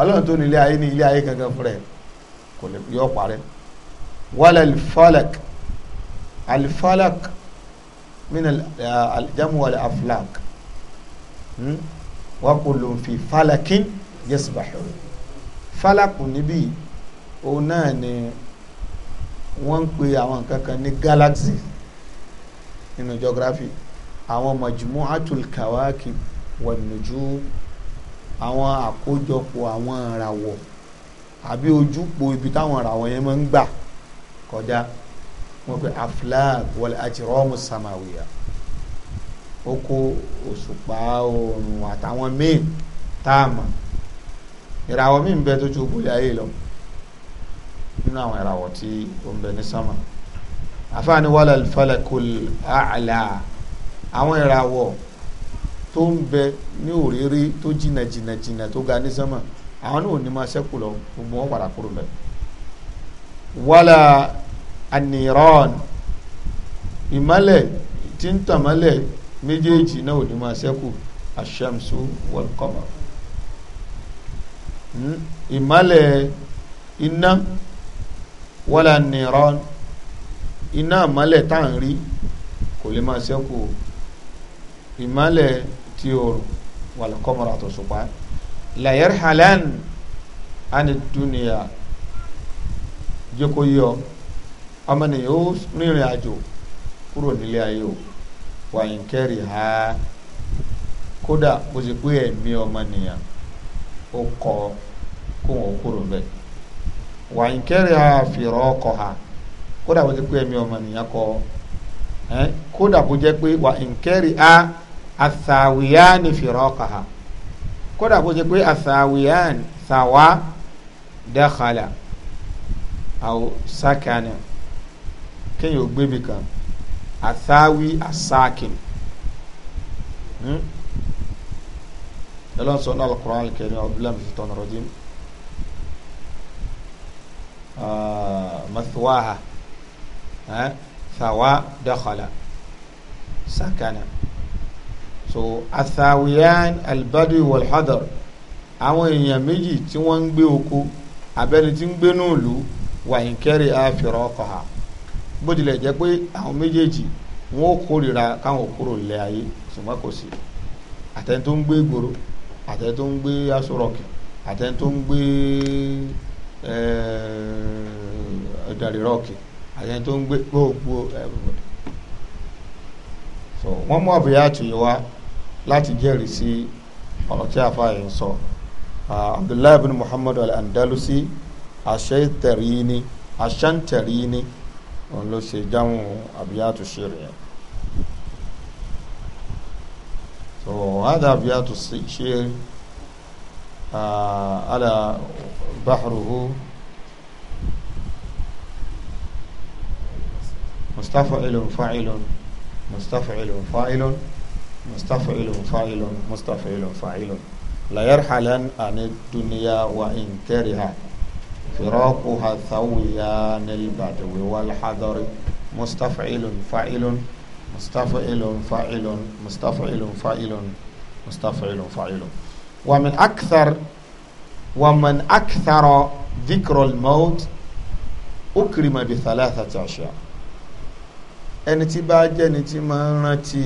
ọlọ́run tó ní ilé ayé ní ilé ayé kankan fúnra ẹ̀ kò lè yọ parẹ́ wàlẹ̀ alifalak alifalak mina aljamu wàlẹ̀ aflak hmm? wàkùlùmfì falakin yasbahu falaku níbí òun náà ni wọ́n ń pe àwọn nǹkan ní galaxy nínú geography àwọn majmu'atul kawakib wan nujum àwọn àkójọpọ̀ àwọn ìràwọ̀ àbí ojúpo ibi táwọn ìràwọ̀ yẹn máa ń gbà kọjá wọ́n pe aflag wal ajramu samawiya ó òṣùpá oòrùn àtàwọn míì tá ìràwọ̀ mi ń bẹ tó ju gbòlẹ̀ ayé lọ nínú àwọn ìràwọ̀ tí ó ń bẹ ní sámà àfáàní wàlẹ̀ falẹ̀kùl àlà àwọn ìràwọ̀ tó ń bẹ ní òrírí tó jìnà jìnà jìnà tó ga ní sámà àwọn náà ò ní máa ṣẹ́kù lọ gbogbo wọn padà kúrò bẹ́ẹ̀ wàlẹ̀ ànìrán ìmálẹ̀ tí ń tàn méjèèjì náà ò ní máa ṣẹ́kù àṣàmṣu wal ìmálẹ̀ iná wọ́lá nìran iná ìmálẹ̀ tá à ń rí kò lè máa ṣẹ́kù ìmálẹ̀ tí oòrùn wàlúkọ́mọ́ra tó ṣùpá làyẹ̀rì halan ani dúnìyà jẹ́ kó yọ ọmọnìyàn ó rìnrìn àjò kúrò nílé ayé o wàyìn kẹrì ha kódà bó ṣe pé ẹ̀mí ọmọnìyàn ó kọ́ ọ kó wọn kúrò mbẹ wà ń kẹrẹ àfihàn ọkọ ha kódà bó ti pé ẹmí ọmọ nìyẹn kọ ẹ kódà bó jẹ pé wà ń kẹrẹ a asàwìyáni fìrọ ọkọ ha kódà bó ti pé asàwìyáni sàwá dẹ́kàlà àwọn sákàánì kéèyàn ò gbébi kan àtàwí àsákìn lọ́lọ́sọ̀ọ́ náà al-Qur'an al-Karim ọ̀bùlẹ́mùsítọ́nù rọ̀dìm. مثواها ثوا دخل سكن so athawiyan albadu والحضر، àwọn èèyàn méjì tí wọ́n ń gbé oko abẹ́ni tí ń gbé náà lù wà ń kẹ́rì àfẹ́rọ́ ọkọ̀ ha bó tilẹ̀ jẹ́ pé àwọn méjèèjì wọn ò kórìíra káwọn kúrò lẹ̀ ayé ṣùgbọ́n kò sí àtẹni tó ń gbé gbòòrò àtẹni tó ń gbé aṣọ rọ̀kì àtẹni tó ń gbé ọ̀dàlẹ̀ eh, rọ́ọ̀kì àtẹni tó ń gbé gbogbo everybody eh, so wọ́n mú àbúyá àtúnyẹ wá láti jẹ́rìí sí ọ̀rọ̀ tí àfa yìí ń sọ ah, abdullahi bin muhammad al-andalusi aṣẹ́ntẹ̀rìíní aṣẹ́ntẹ̀rìíní òun ló ṣe dáhùn àbúyá àtúnṣe rẹ̀ so hada àbúyá àtúnṣe ṣe ala. Ah, بحره مستفعل فاعل مستفعل فاعل مستفعل فاعل مستفعل فاعل لا يرحلن عن الدنيا وإن كره فراقها ثويان البدو والحذر مستفعل فاعل مستفعل فاعل مستفعل فاعل مستفعل فاعل ومن أكثر ومن أكثر ذكر الموت أكرم بثلاثة أشياء ẹni tí bá jẹ́ ẹni tí máa ń rántí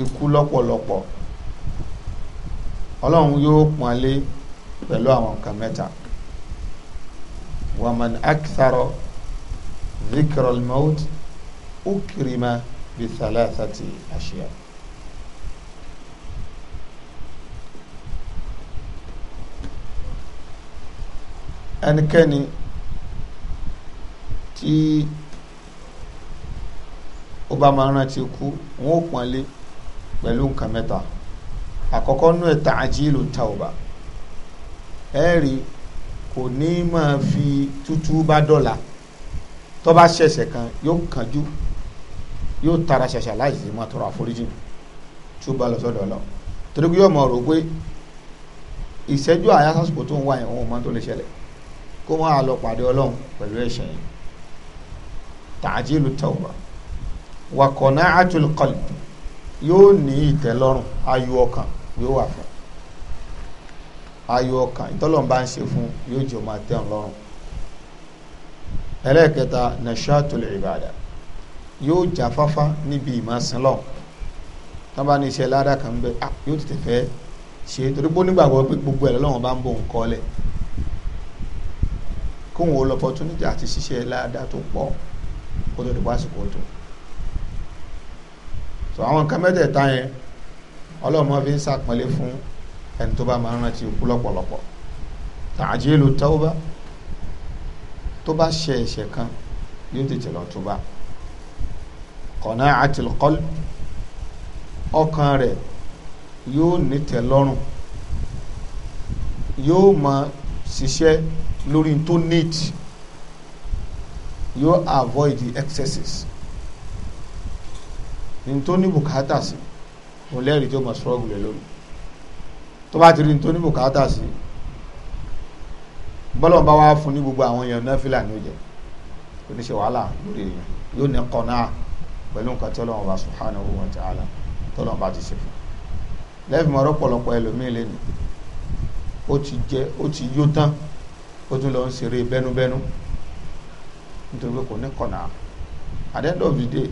ikú lọ́pọ̀lọpọ̀ ọlọ́run yóò pọ́nlé pẹ̀lú àwọn nǹkan mẹ́ta ومن أكثر ذكر الموت أكرم بثلاثة أشياء ẹnikẹ́ni tí ó bá máa rántí kú wọn ò pọ́nlé pẹ̀lú nǹkan mẹ́ta àkọ́kọ́ nú ẹ̀ tààjílù tàùbà ẹ̀rí kò ní máa fi tútú bá dọ̀la tó bá ṣẹ̀ṣẹ̀ kan yóò kánjú yóò tara ṣẹ̀ṣẹ̀ láìsí máa tọrọ àforíjì tí ó bá lọ sọ́dọ̀ lọ torí pé yóò mọ̀ rò pé ìṣẹ́jú àyà sásìkò tó ń wá yẹn òun máa tó lè ṣẹlẹ̀ kó máa lọ pàdé ọlọ́run pẹ̀lú ẹ̀ṣẹ̀ yẹn tààjílù tawba wa qana'atul qalbi yóò ní ìtẹ́lọ́rùn ayọ̀ ọkàn yóò wà fún ayọ̀ ọkàn ìtọ́lọ́run bá ń ṣe fún yóò jẹ́ máa tẹ́wọ̀n lọ́rùn ẹlẹ́ẹ̀kẹta nashatul ibada yóò jáfáfá níbi ìmọ̀sánlọ́ tán bá ní iṣẹ́ ládàá kan bẹ́ẹ̀ ah, yóò tètè fẹ́ ṣe torí pé nígbàgbọ́ pé gbogbo ẹ̀ lọ́wọ́n bá ń bò ń kọ́ lẹ̀ kóun ò lọ opportunity àti ṣiṣẹ́ ládàá tó pọ̀ kó tó di pásìkò tó so àwọn nǹkan mẹ́tẹ̀ẹ̀ta yẹn ọlọ́mọ fi ń sàpọ́nlé fún ẹni tó bá máa ń rántí òkú lọ́pọ̀lọpọ̀ tàjílù tọ́wọ́bá tó bá ṣe ẹ̀ṣẹ̀ kan yóò tètè lọ tó bá kọ̀nà àtìlọ́kọ́lù ọkàn rẹ̀ yóò nítẹ̀lọ́rùn yóò máa ṣiṣẹ́ lórí tó need yóò avoid the excesses ní tó ní bùkátà sí òun lẹ́rìí tó mọ̀ struggle lórí tó bá ti rí ní tó ní bùkátà sí bọ́lọ̀ bá wá fún ní gbogbo àwọn èèyàn náà fìlà ní ó jẹ kò ní ṣe wàhálà lórí èèyàn yóò ní kọ́ pẹ̀lú nǹkan tí ọlọ́run bá subhanahu wa ta'ala tọ́lọ́run bá ti ṣe fún lẹ́fìmọ̀ ọ̀rọ̀ pọ̀lọpọ̀ ẹlòmíì lẹ́nu ó ti jẹ́ ó ti yó tán ó tún lọ ń ṣeré bẹ́núbẹ́nú nítorí pé kò ní at the end of the day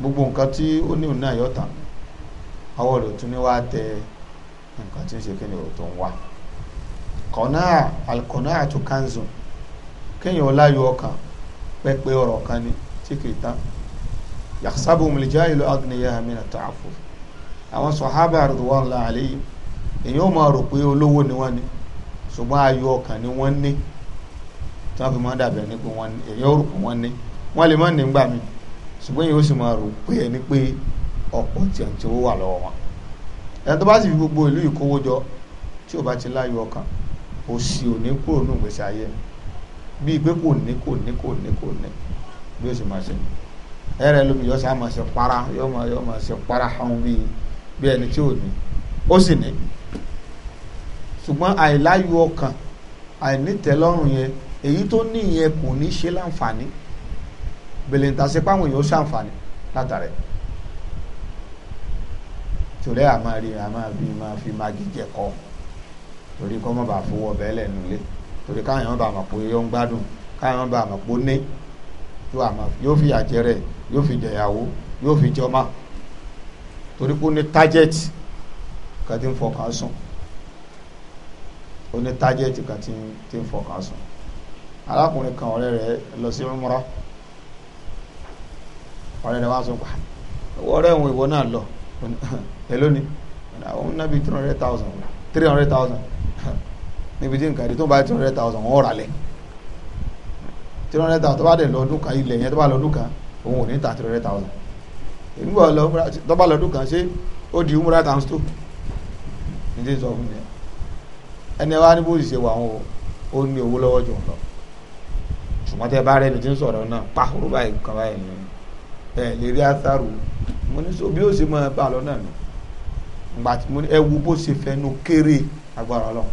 gbogbo nǹkan tí ó ní òun náà yọ tán ọwọ́ tún ní tẹ nǹkan tí ń ṣe kíni tó ń wá kọ̀nà àlùkọ̀nà àtúkánzù kéèyàn láyọ̀ ọkàn pẹ́pẹ́ ọ̀rọ̀ kan ni tí kì í tán ìlú àwọn sọ̀hábà yìí èyí ó máa rò pé olówó ni wọ́n ṣùgbọ́n ayọ̀ ọkàn ni wọ́n ní tí wọ́n fi mọ́ dàbẹ̀ ní pé wọ́n ní èyàn wọ́n ní wọ́n lè mọ́ ní gbà mí ṣùgbọ́n yìí ó sì máa rò pé ẹni pé fi gbogbo ìlú jọ tí ò bá ti láyọ̀ ọkàn òṣì ò ní kúrò ní ìgbésí ayé bíi pé kò ní kò ní kò ní kò ní ṣùgbọ́n àìláyò ọkàn àìnítẹ́lọ́rùn yẹn èyí tó ní ìyẹn kò ní ṣe láǹfààní bẹ̀lẹ̀ ìtàsí páwọn èèyàn ṣàǹfààní látàrẹ torí a máa rí a máa bí máa fi máa gíjẹ kọ torí kọ́ mọ́ bá fowó ọbẹ̀ lẹ́nu ilé torí káwọn èèyàn bá mọ̀ pé yóò ń gbádùn káwọn bá mọ̀ pé ní yóò fi àjẹrẹ yóò fi jẹyàwó yóò fi jọmọ torí kó ní tájẹ́tì kàdí ń fọkàn sùn ó ní tájẹ́ẹ̀tì kan tí tí ń fọkàn sùn arákùnrin kan ọ̀rẹ́ rẹ̀ lọ sí umrah ọ̀rẹ́ rẹ̀ wá sọ pa ọ̀rẹ́ òun ìwọ náà lọ èló ni òun náà bíi three hundred thousand three hundred thousand níbi tí nǹkan ẹ̀dí tó bá three hundred thousand wọ́n rà lẹ̀ three hundred thousand tó bá dẹ̀ lọ ọdún kan ilẹ̀ yẹn tó bá lọ kan òun ò ní ta three hundred thousand èmi bọ̀ lọ tó bá lọ ọdún kan ṣé ó di umrah times two ní tí sọ fún mi ẹni wá ní bóyìí ṣe wà wọn o ó ní owó lọ́wọ́ jù lọ ṣùgbọ́n tẹ bá rẹ ní ti ń sọ̀rọ̀ náà pàhùrù báyìí kan báyìí ni ẹ lè rí àtàrù mo ní sọ bí ó ṣe mọ ẹ bá lọ náà nù ìgbà tí mo ní ẹ wo bó ṣe fẹnu kéré agbára Ọlọ́run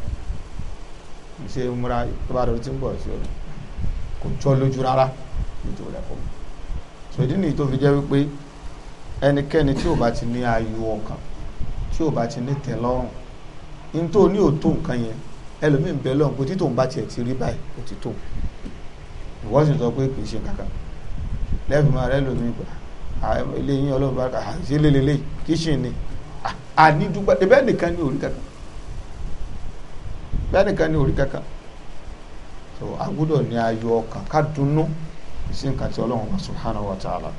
mo ṣe múra tó bá dọ̀rọ̀ tí ń bọ̀ sí ọ kò jọ lójú rárá nítorí rẹ fún mi ṣòdí nìyí tó fi jẹ́ wípé ẹnikẹ́ni tí ò bá ti ní ayọ̀ ọkàn tí ò bá ti ní tẹ́lọ́rùn n tó ní òtó nǹkan yẹn ẹlòmíín bẹ lọ́n pé títò ń bá tiẹ̀ ti rí báyìí kò ti tó ìwọ sì sọ pé kì í ṣe kankan lẹ́ẹ̀fì máa rẹ lómi gbà eléyìí ọlọ́run bá kà ṣe lélẹ́lẹ́ kíṣìn ni ànídúgba bẹ́ẹ̀ nìkan ní orí kankan bẹ́ẹ̀ nìkan ní orí kankan so a gbọ́dọ̀ ní ayọ̀ ọkàn ká dunnú sí nǹkan tí ọlọ́run wa subhanahu wa ta'ala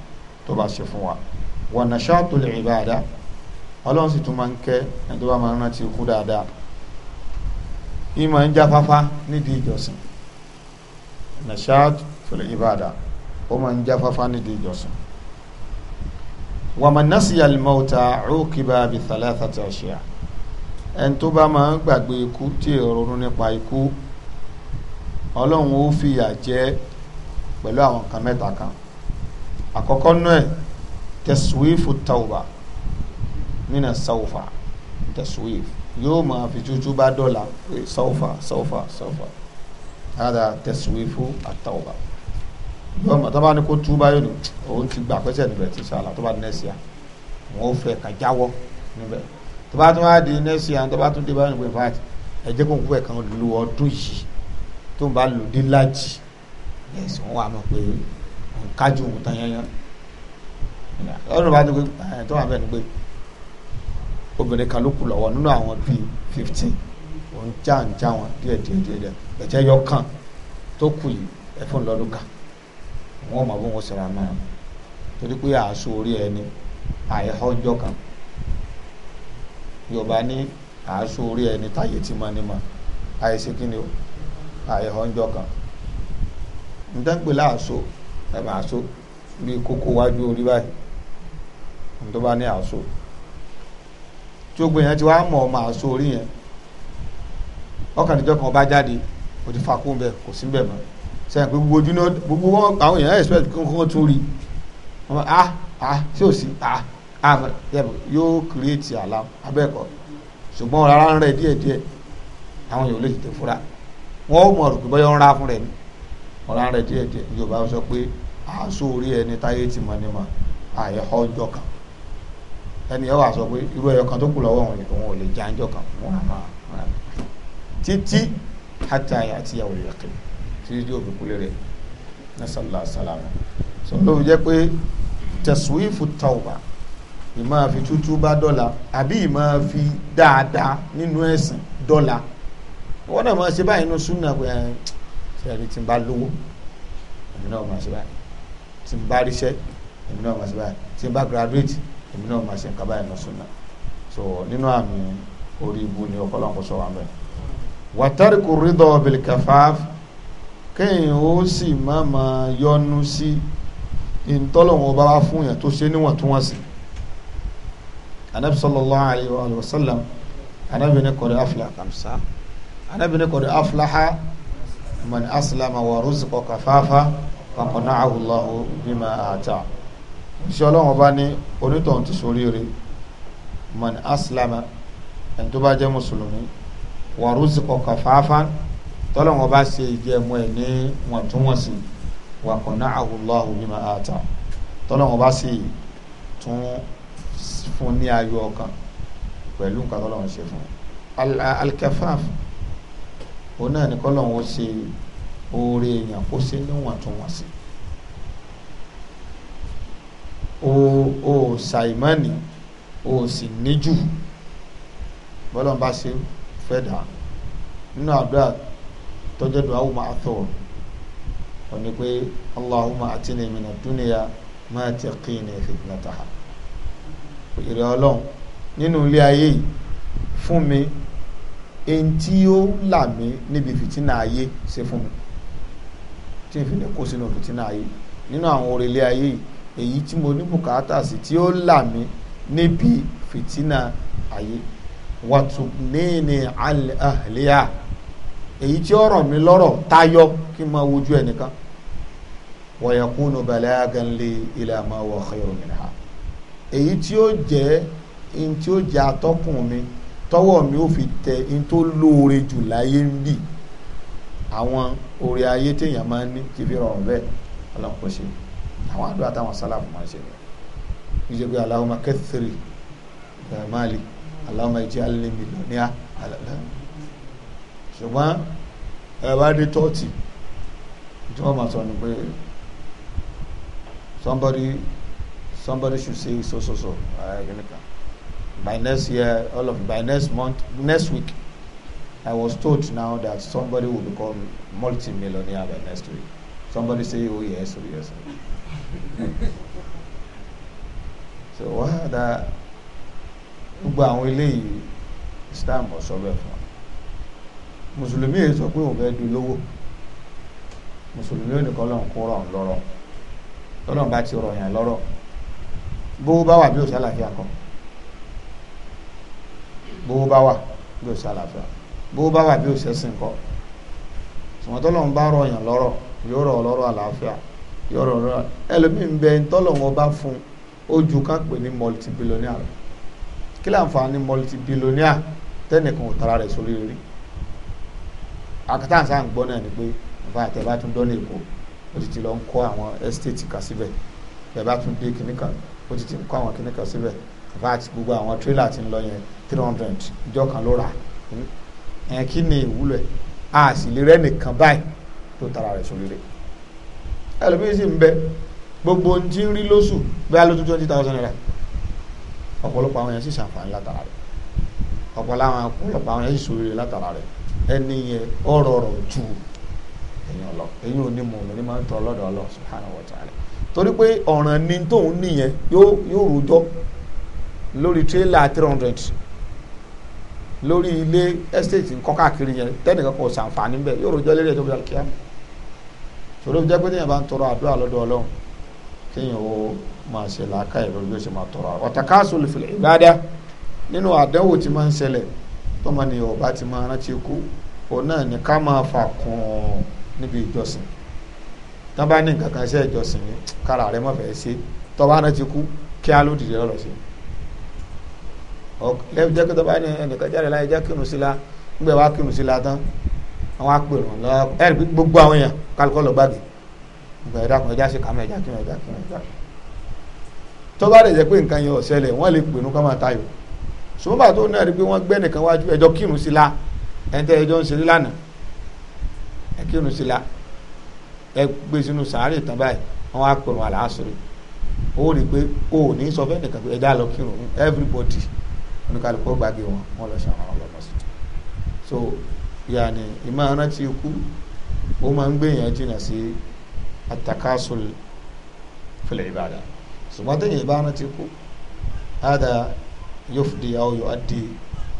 tó bá ṣe fún wa wa nashatul ibada ọlọ́run sì tún máa ń kẹ́ ẹni tó bá máa ń rántí ikú dáadáa ìmọ̀ ń jáfáfá nídìí ìjọsìn nashaad fil ibada ó máa ń jáfáfá nídìí ìjọsìn wàmà nasiya al-mauta uqiba bi thalathati ashya ẹni tó bá máa ń gbàgbé ikú tí ìrònú nípa ikú ọlọ́run ó fìyà jẹ pẹ̀lú àwọn kan mẹ́ta kan àkọ́kọ́ náà taswifu tawba mina sawfa taswif yóò máa fi tútú bá dọ́là pé sawfa sawfa sawfa hada taswifu at-tawba yóò máa tó bá ní kó túbá yóò ní òun ti gbà pẹ́sẹ̀ níbẹ̀ ti sàlà tó bá ní ẹ̀sìn à wọn ò fẹ́ ká jáwọ́ níbẹ̀ tó bá di ẹ̀sìn à tó bá níbẹ̀ fàájì ẹ jẹ́ kú ẹ̀ kan lu ọdún yìí tó ń bá lò dé lájì ẹ̀sìn wọn wà mọ̀ pé òun òun tán yẹn ọdún bá tún pé ẹ̀ tó bẹ́ẹ̀ ni pé obìnrin kan ló kù lọ́wọ́ nínú àwọn bíi fifteen òun já ń já wọn díẹ̀ díẹ̀ díẹ̀ díẹ̀ yọ kàn tó kù yìí ẹ fún lọ́dún kan wọn máa bó wọn sọ̀rọ̀ àmàrà torí pé àṣọ orí ẹni àìhọ́jọ́ kan yorùbá ní àṣọ orí ẹni táyé tí àìsí kan n tẹ́ ń pè láàṣọ máa ṣọ bí kókó wájú orí báyìí n tí ó gbìyànjú wa mọ̀ ọ́ máa so orí yẹn ọkànlélọ́jọ́ kan bá jáde kò ti fakún bẹ́ẹ̀ kò sí bẹ́ẹ̀ mọ́ sẹ́yìn pé gbogbo ojú náà gbogbo wọn àwọn èèyàn expect kí wọ́n tún rí wọn ah ah ṣé ò sí ah ah yóò create alarm abẹ́ẹ̀kọ́ ṣùgbọ́n rárá ń rẹ̀ díẹ̀díẹ̀ àwọn èèyàn lè tètè fura wọn ò mọ̀ rò pé bọ́yọ̀ ń ra fún rẹ̀ ni ọ̀rá rẹ̀ díẹ̀díẹ̀ yorùbá sọ pé àásù orí ẹni táyé ti mọ̀ ni mọ̀ àyẹ̀họ́ ọjọ́ kan ẹni yẹn wà sọ pé irú ẹyọ kan tó kù lọ́wọ́ òun òun ò lè jẹ àjọ kan wọn á máa títí hàtà àtìyàwó yàtọ̀ títí tí òfin kúlẹ̀ rẹ̀ nasala salama sọ ló fi jẹ́ pé tẹ̀síwìfù tàwùbà ìmọ̀ àfi tútú bá dọ́là àbí ìmọ̀ àfi dáadáa nínú ẹ̀sìn dọ́là wọn náà máa ṣe báyìí nínú súnà pé ṣe ẹni tí ń bá lówó èmi náà máa ṣe báyìí tí ń bá ríṣẹ́ èmi náà máa ṣe báyìí tí ń bá graduate èmi náà máa ṣe nǹkan báyìí lọ sunna so nínú àmì orí ibu ni ọ̀pọ̀lọpọ̀ sọ wà mẹ́rin wàtàríkù rídọ̀ bìlìkàfáf kéèyàn ó sì má máa yọnu sí ìtọ́lọ̀wọ̀n bá wá fún yẹn tó ṣe níwọ̀ntúnwọ̀nsì anabi sallallahu alayhi wa sallam anabi ne kọrẹ afla kamsa anabi ne kọrẹ aflaha man aslama wa ruziqa kafafa wa qana'ahu Allahu bima ata ṣe ọlọ́run ọba ní onítọ̀hún ti ṣoríire man aslama ẹni tó bá jẹ́ mùsùlùmí wà rúzìkọ kàfáfá tọ́lọ́run ọba ṣe ìjẹ́mu ẹ̀ ní wọ̀ntúnwọ̀nsì wà kọ̀nà àwùlọ́hù bima àtà tọ́lọ́run ọba sì tún fún ní ayọ̀ ọkàn pẹ̀lú nǹkan tọ́lọ́run ṣe fún alkafaf òun náà ní kọ́lọ́run ó ṣe oore èèyàn kó ṣe níwọ̀ntúnwọ̀nsì o o ṣàìmọ́ni o si n'iju níjù bá ṣe fẹ́ dà nínú àdúrà tọ́jọ́ dùn áwùmọ̀ àtọ̀ wọ́n ní pé Allahumma atina mina dunya ma taqini fitnataha ìrẹ̀ ọlọ́run nínú ilé ayé fún mi èyí tí ó là mí níbi fìtínà ayé ṣe fún mi tí n fi lè kó sínú fìtínà ayé nínú àwọn orílẹ̀ ayé èyí tí mo ní bùkátà sí tí ó là mí níbi fìtínà ayé wàtúnéèní àlìyá èyí tí ó rọ̀ mí lọ́rọ̀ tayọ kí n máa wojú ẹnìkan wọ̀yẹ̀kúnnù balagan li ila ma huwa khairu minha èyí tí ó jẹ́ in tí ó jẹ́ atọ́kùn mi tọ́wọ́ mi ò fi tẹ in tó lóore jù láyé ń bì àwọn orí ayé téèyàn máa ń ní kí fi rọrùn bẹ́ẹ̀ ọlọ́pàá ṣe àwọn àdúrà táwọn sálàfù máa ń ṣe nìyẹn níjẹ́ pé Allahumma kaththiri mali Allahumma ij'alni millionaire ṣùgbọ́n ẹ bá dé tọ́ọ̀tì tí wọ́n máa sọ ni pé somebody somebody should say so so so by next year all of by next month next week I was told now that somebody will become multi-millionaire by next week somebody say oh yes oh yes oh yes so wàhádà gbogbo àwọn eléyìí Islam ọ̀sọ́ bẹ́ẹ̀ fún wa mùsùlùmí yìí sọ pé òun fẹ́ di lówó mùsùlùmí ò ní kọ́ lọ́n kó rọ̀ lọ́rọ̀ tọ́lọ́n bá ti rọ̀ yàn lọ́rọ̀ bówó bá wà bí ó sálàfíà kọ́ bówó bá wà bí ó sálàfíà bówó bá wà bí ó sẹ́sìn kọ́ sùmọ́tọ́lọ́n bá rọ̀ yàn lọ́rọ̀ yóò rọ̀ lọ́rọ̀ àlàáfíà yọ̀rọ̀ rẹ̀ ẹlòmíín bẹ tọ́lọ̀wọ́n bá fún ojú kan pè ní multibillionaire rẹ̀ kí láǹfààní multibillionaire tẹ́nìkan ò tara rẹ̀ sórí rí akátàǹsá ń gbọ́ náà ni pé nǹkan àtẹ̀bá tún dọ́nà èkó ó ti ti lọ ń kọ́ àwọn estate kan síbẹ̀ bẹ̀bá tún dé kìnní kan ó ti ti ń kọ́ àwọn kìnní kan síbẹ̀ nǹkan àti gbogbo àwọn tírélà ti ń lọ yẹn three hundred ìjọ kan ló rà ẹ̀ kí ni ìwúlò ẹ̀ a sì lè rẹ́ nìkan báyìí tó tara rẹ̀ sórí rẹ̀ ẹlòmíì sì ń bẹ gbogbo ohun tí ń rí lóṣù bí alótú twenty thousand naira ọ̀pọ̀lọpọ̀ àwọn yẹn sì ṣàǹfààní látara rẹ̀ ọ̀pọ̀lọpọ̀ àwọn yẹn sì ṣòwò látara rẹ̀ ẹni yẹn ọ̀rọ̀ ọ̀rọ̀ ju èèyàn lọ èyí ò ní mọ̀ ní máa ń tọ́ lọ́dọ̀ ọlọ́ subhanahu wa ta'ala torí pé ọ̀ràn ni tóun nìyẹn yóò rojọ́ lórí tírélà three hundred lórí ilé estate nǹkan káàkiri yẹn tẹ́nìkan kò ṣàǹfààní bẹ́ẹ̀ yóò rojọ́ lórí ẹjọ́ bí alkiyamu torí ó jẹ́ pé téèyàn bá ń tọrọ àdúrà lọ́dọ̀ ọlọ́run kéèyàn ó máa ṣe làákàyè lórí bí ó ṣe máa tọrọ àdúrà ọ̀tàkáàsù lè filẹ̀ ìbádá nínú àdánwò tí máa ń ṣẹlẹ̀ tọ́mọnìyàn ọba ti máa rántí kú òun náà ní ká máa fà kùn níbi ìjọsìn tán bá ní nǹkan kan ṣe ìjọsìn ní kára rẹ mọ̀ ṣe tọ́ba rántí kú kí á ló dìde lọ́lọ́ sí lẹ́yìn jẹ́ kí tọ́ba ní ẹnìkan jáde láyé jẹ́ kírun sí la ń àwọn apèrò lọ ẹ gbogbo àwọn èèyàn kálukọ lọ gbàgbé ìgbà ẹ̀dá kan ẹja ṣe kàmú ẹja kí wọn ẹja kí wọn ẹja tó bá lè jẹ pé nǹkan yẹn ò ṣẹlẹ̀ wọ́n lè pè ní ká máa tayò ṣùgbọ́n bàtó náà rí i pé wọ́n gbẹ́ nìkan wájú ẹjọ́ kírun sí la ẹ̀ńtẹ́ ẹjọ́ ń ṣe lánàá ẹ kírun sí la ẹ gbé sínú sàárè tán báyìí wọ́n á pèrò àlàásùrè ó rí i pé o ò ní sọ fẹ́ nìkan pé ẹja lọ kírun everybody oníkàlùkọ́ gbàgbé wọn wọ́n lọ ṣàwọn ọlọ́mọ sí so yàní ìmọ̀ arántí ikú ó máa ń gbèyàn jìnnà sí atakasul fil ibada ṣùgbọ́n tẹ̀yìn ìbá arántí ikú ada yufdi aw yuaddi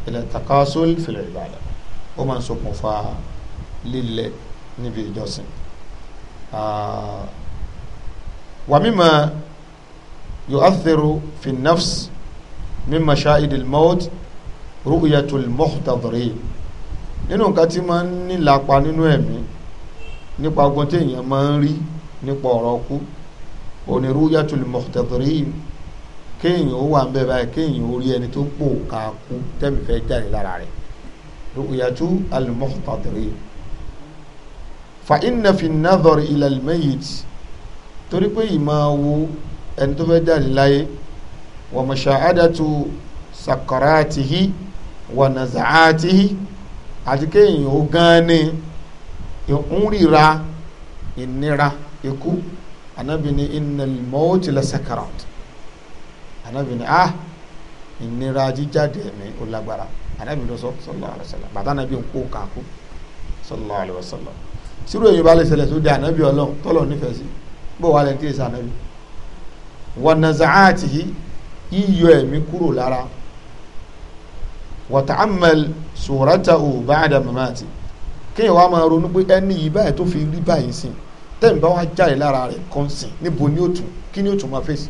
ila takasul fil ibada ó máa ń ṣokùnfà lílẹ̀ níbi ìjọsìn ah, wa mimma yu'athiru fi nafs min masha'idil maut ru'yatul muhtadirin nínú nǹkan tí máa ń nílapa nínú ẹ̀mí nípa ọgbọ́n tí èèyàn máa ń rí nípa ọ̀rọ̀ kú onírú yàtúlù mọ̀tẹ́tìrì kéèyàn ó wà ń bẹ báyìí kéèyàn ó rí ẹni tó pò ká kú tẹ́mi fẹ́ jáde lára rẹ̀ rúkúyàtú alimọ̀tẹ́tìrì fa inna fi nadhar ila almayit torí pé ìmọ̀ wo ẹni tó fẹ́ jáde láyé wa mashahadatu sakaratihi wa nazaatihi àti kéèyàn ó gan ni ń ríra ìnira ikú anabi ni innal maut la sakarat anabi ni ah ìnira jíjáde ẹ̀mí ó lágbára anabi ló sọ sallallahu alaihi wasallam bàtà anabi ń kó kàkó sallallahu alaihi wasallam sírò èyí bá lè ṣẹlẹ̀ tó di anabi ọlọ́run tọ́lọ̀ nífẹ̀ẹ́ sí bó wà lẹ́yìn tí èsì anabi wọnàzàátì yíyọ ẹ̀mí kúrò lára wọ̀tàmẹ́lì sòrátà ò bá àdà màmá àti kéèyàn wá máa ronú pé ẹni yìí báyìí tó fi rí báyìí sìn tẹ́mi bá wá jáde lára rẹ̀ kan sìn níbo ni ó tún kí ni ó tún máa fèsì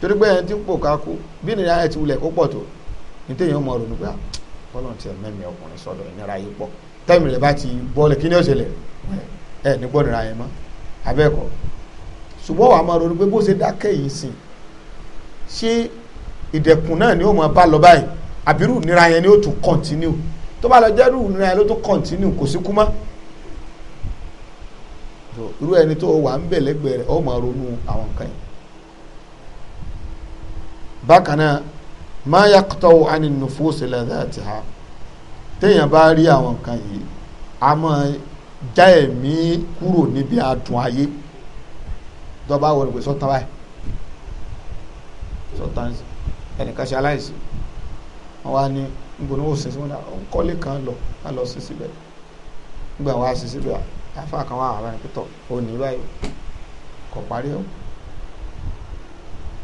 torí pé ẹni tí ń pò káko bí nìyá ẹ ti wulẹ̀ kó pọ̀ tó ní téèyàn máa ronú pé à ah, bọ́lọ̀ tiẹ̀ mẹ́mi ọkùnrin sọ̀dọ̀ ìnira yìí pọ̀ tẹ́mi rẹ̀ bá ti bọ́ọ̀lẹ̀ kí ni ó ṣẹlẹ̀ ẹ ní gbọ́dọ̀ra yẹn mọ́ abẹ́ẹ̀kọ́ ṣùgbọ́n wàá máa ronú pé bó ṣe àbírù nira yẹn ni ó tún continue tó bá lọ jẹ́rù nira yẹn ló tún continue kò sí kú mọ́ irú ẹni tó wà ń bẹ̀ lẹ́gbẹ̀ẹ́ rẹ̀ ó máa ronú àwọn nǹkan yìí bákan náà máa yàtọ̀ àní nùfóòsì lẹ́dẹ̀ àti ha téèyàn bá rí àwọn nǹkan yìí a máa já ẹ̀mí kúrò níbi adùn ayé dọ́ba wọlé pé sọ́tàn báyìí sọ́tàn ẹnìkan ṣe aláìsí wọ́n wá ní gbóná òsìn sí wọn náà ń kọ́lé kan lọ á lọ sí síbẹ̀ gbà wá sí síbẹ̀ àfa kan wà àwọn àpẹtọ̀ ò ní báyìí kò parí o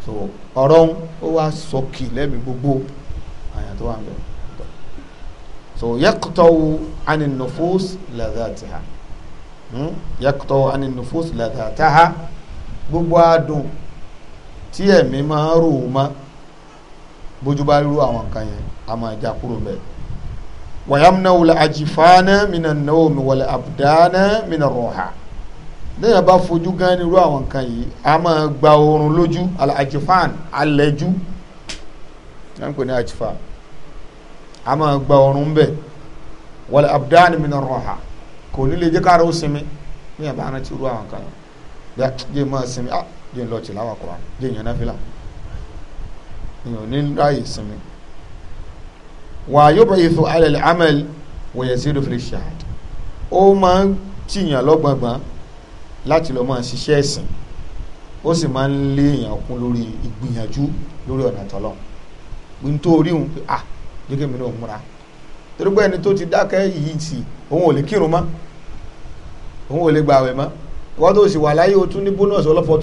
so ọ̀rọ̀ ń ó wá sọkì lẹ́mìí gbogbo àyàn tó wà ń bẹ̀ so yaqta'u ani nufus ladhatiha hmm? yaqta'u ani nufus ladhataha gbogbo adùn tí ẹ̀mí máa ń rò ó mọ́ bójú bá rú àwọn nǹkan yẹn a máa já kúrò bẹ́ẹ̀ wàyámúnáwó la àjìfáná mina náwó mi wàlẹ̀ àbùdáná mina rọ̀hà lẹ́yìn bá fojú gan ni irú àwọn nǹkan yìí a máa gba oorun lójú àjìfán alẹ́jú ẹ̀ ń pè ní àjìfán a máa gba oorun bẹ́ẹ̀ wàlẹ̀ àbùdáná mina rọ̀hà kò ní lè jẹ́ káàró sinmi ní ẹ̀bá aná ti rú àwọn kan yá jẹ́ máa sinmi ah jẹ́ ń lọ tìláwà Kùránì jẹ́ ìyànnáfílà ìyàn ní ráyè sinmi. wa yubayithu ala al-amal wa yazidu fil shahad ó máa ń tìyàn lọ́gbọ̀ngbọ̀n láti lọ máa ṣiṣẹ́ ẹ̀sìn ó sì máa ń lé èèyàn kún lórí ìgbìyànjú lórí ọ̀nà tọ́lọ̀ nítorí òun pé à gẹ́gẹ́ mi náà múra torí pé ẹni ti dákẹ́ yìí sì òun ò lè kírun mọ́ òun ò lè mọ́ tó sì tún ní bónọ́ọ̀sì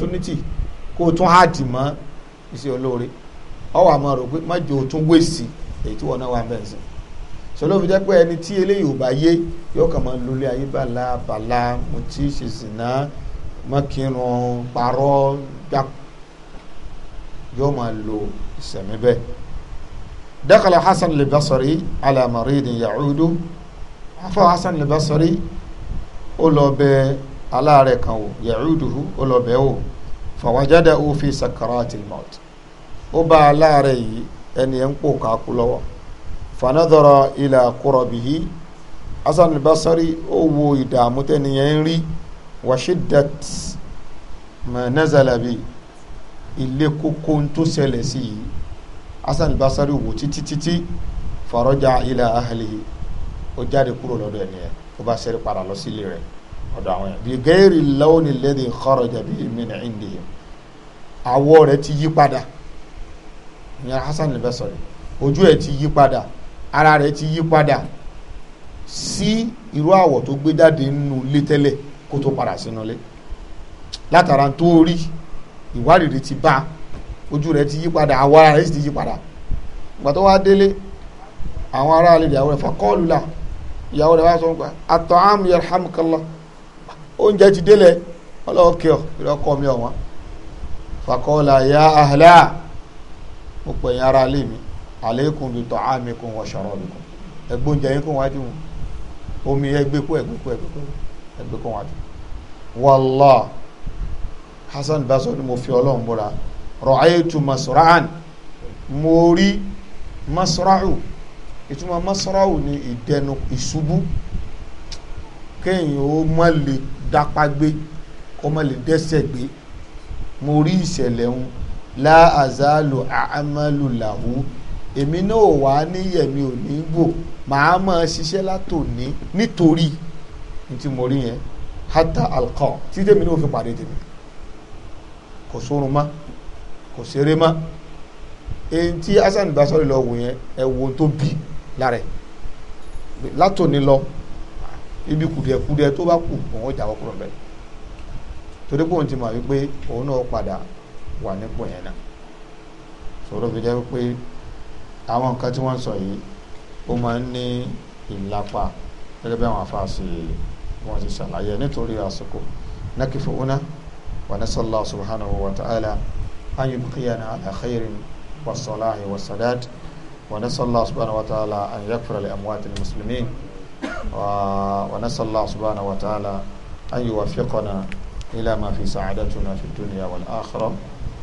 tún mọ́ iṣẹ́ olóore èyí tí wọn náà wà ń bẹ̀rẹ̀ sí sọlọ́ fi jẹ́ pé ẹni tí eléyìí ò bá yé yóò kàn máa lulẹ̀ ayé bàlá bàlá mutí ṣe sìnà mọ́kìrún parọ́ gbà yóò máa lo ìsẹ̀mí bẹ́ẹ̀. dakhala hasan al-basri ala maridin ya'udu afọ hasan al-basri ó lọ bẹ̀ aláàárẹ̀ kan wò ya'uduhu ó lọ bẹ̀ wò fawajadahu fi sakaratil maut ó bá aláàárẹ̀ yìí ẹni ẹ̀ ń pò káàkú lọ́wọ́ fanadọ́rọ̀ ilà kúrọ̀bìhí hasan albasari ó wo ìdààmú tẹ́niyẹn ń rí washidat manazalabi ilé kókó tó ṣẹlẹ̀ sí yìí hasan albasari wò títí títí farọ́jà ilà ahlihi ó jáde kúrò lọ́dọ̀ ẹni ẹ̀ ó bá ṣẹ́rí padà lọ sílé rẹ̀ ọ̀dọ̀ àwọn yẹn bí gẹ́rì lawni alladhi kharaja bihi min indihim àwọ̀ rẹ̀ ti yí padà ìyẹn Hasan al-Basri ojú ẹ̀ ti yí padà ara rẹ̀ ti yí padà sí irú àwọ̀ tó gbé jáde nínú ilé tẹ́lẹ̀ kó tó padà sínú ilé látara tó rí ìwádìí rẹ̀ ti bá ojú rẹ̀ ti yí padà àwọ̀ ara rẹ̀ sì ti yí padà ìgbà tó wá délé àwọn ará alẹ́ ìyàwó rẹ̀ fakọ́ọ̀lù là ìyàwó rẹ̀ wá sọ pé àtọ̀ àmì yarhamukallah oúnjẹ ti délẹ̀ ọlọ́ọ̀kẹ́ ọ̀ ìrọ́kọ́ mi ọ̀wọ́n fakọ́ọ̀lù ya ahla mo pè yín ara ilé mi àlékún bí tọ́ àmì kún wọ́n ṣọ̀rọ̀ mi kún ẹgbọ́n jẹ́ yín kún wájú wọn omi ẹgbẹ́ kú ẹgbẹ́ kú ẹgbẹ́ kú ẹgbẹ́ kún wájú. wàllá hasan baso ni mo fi ọlọ́run búra ra'aytu masra'an mo rí masra'u ìtumọ̀ masra'u ni ìdẹnu ìṣubú kéèyàn ó má lè dápá gbé kó má lè dẹ́sẹ̀ gbé mo ìṣẹ̀lẹ̀ ń láàzálù àmàlù làwù èmi náà wà níyẹ̀mí ò ní wò màá máa ṣiṣẹ́ látòní nítorí ní tí mo rí yẹn hata alqa tí tèmi náà fi pàdé tèmi kò sórun mọ́ kò ṣeré mọ́ èyí tí hasan basori lọ wò yẹn ẹ̀wò tó bí lára ẹ̀ látòní lọ ibi kùdìẹ̀kùdìẹ̀ tó bá kù òun ó jà wọ́pọ̀ rẹ̀ torí pé òun ti mọ̀ wípé òun náà padà wà nípò yẹn náà sọ̀rọ̀ fi jẹ́ pé àwọn nǹkan tí wọ́n sọ yìí ó máa ń ní ìlápa gẹ́gẹ́ bí àwọn afáàsì wọn ti ṣàlàyé nítorí àsìkò nakifu una wa nasallahu subhanahu wa ta'ala an yubqiyana ala khairin wa salahi wa sadat wa nasallahu subhanahu wa ta'ala an yakfura li amwati muslimin wa nasallahu subhanahu wa ta'ala an yuwaffiqana ila ma fi sa'adatuna fi dunya wal akhirah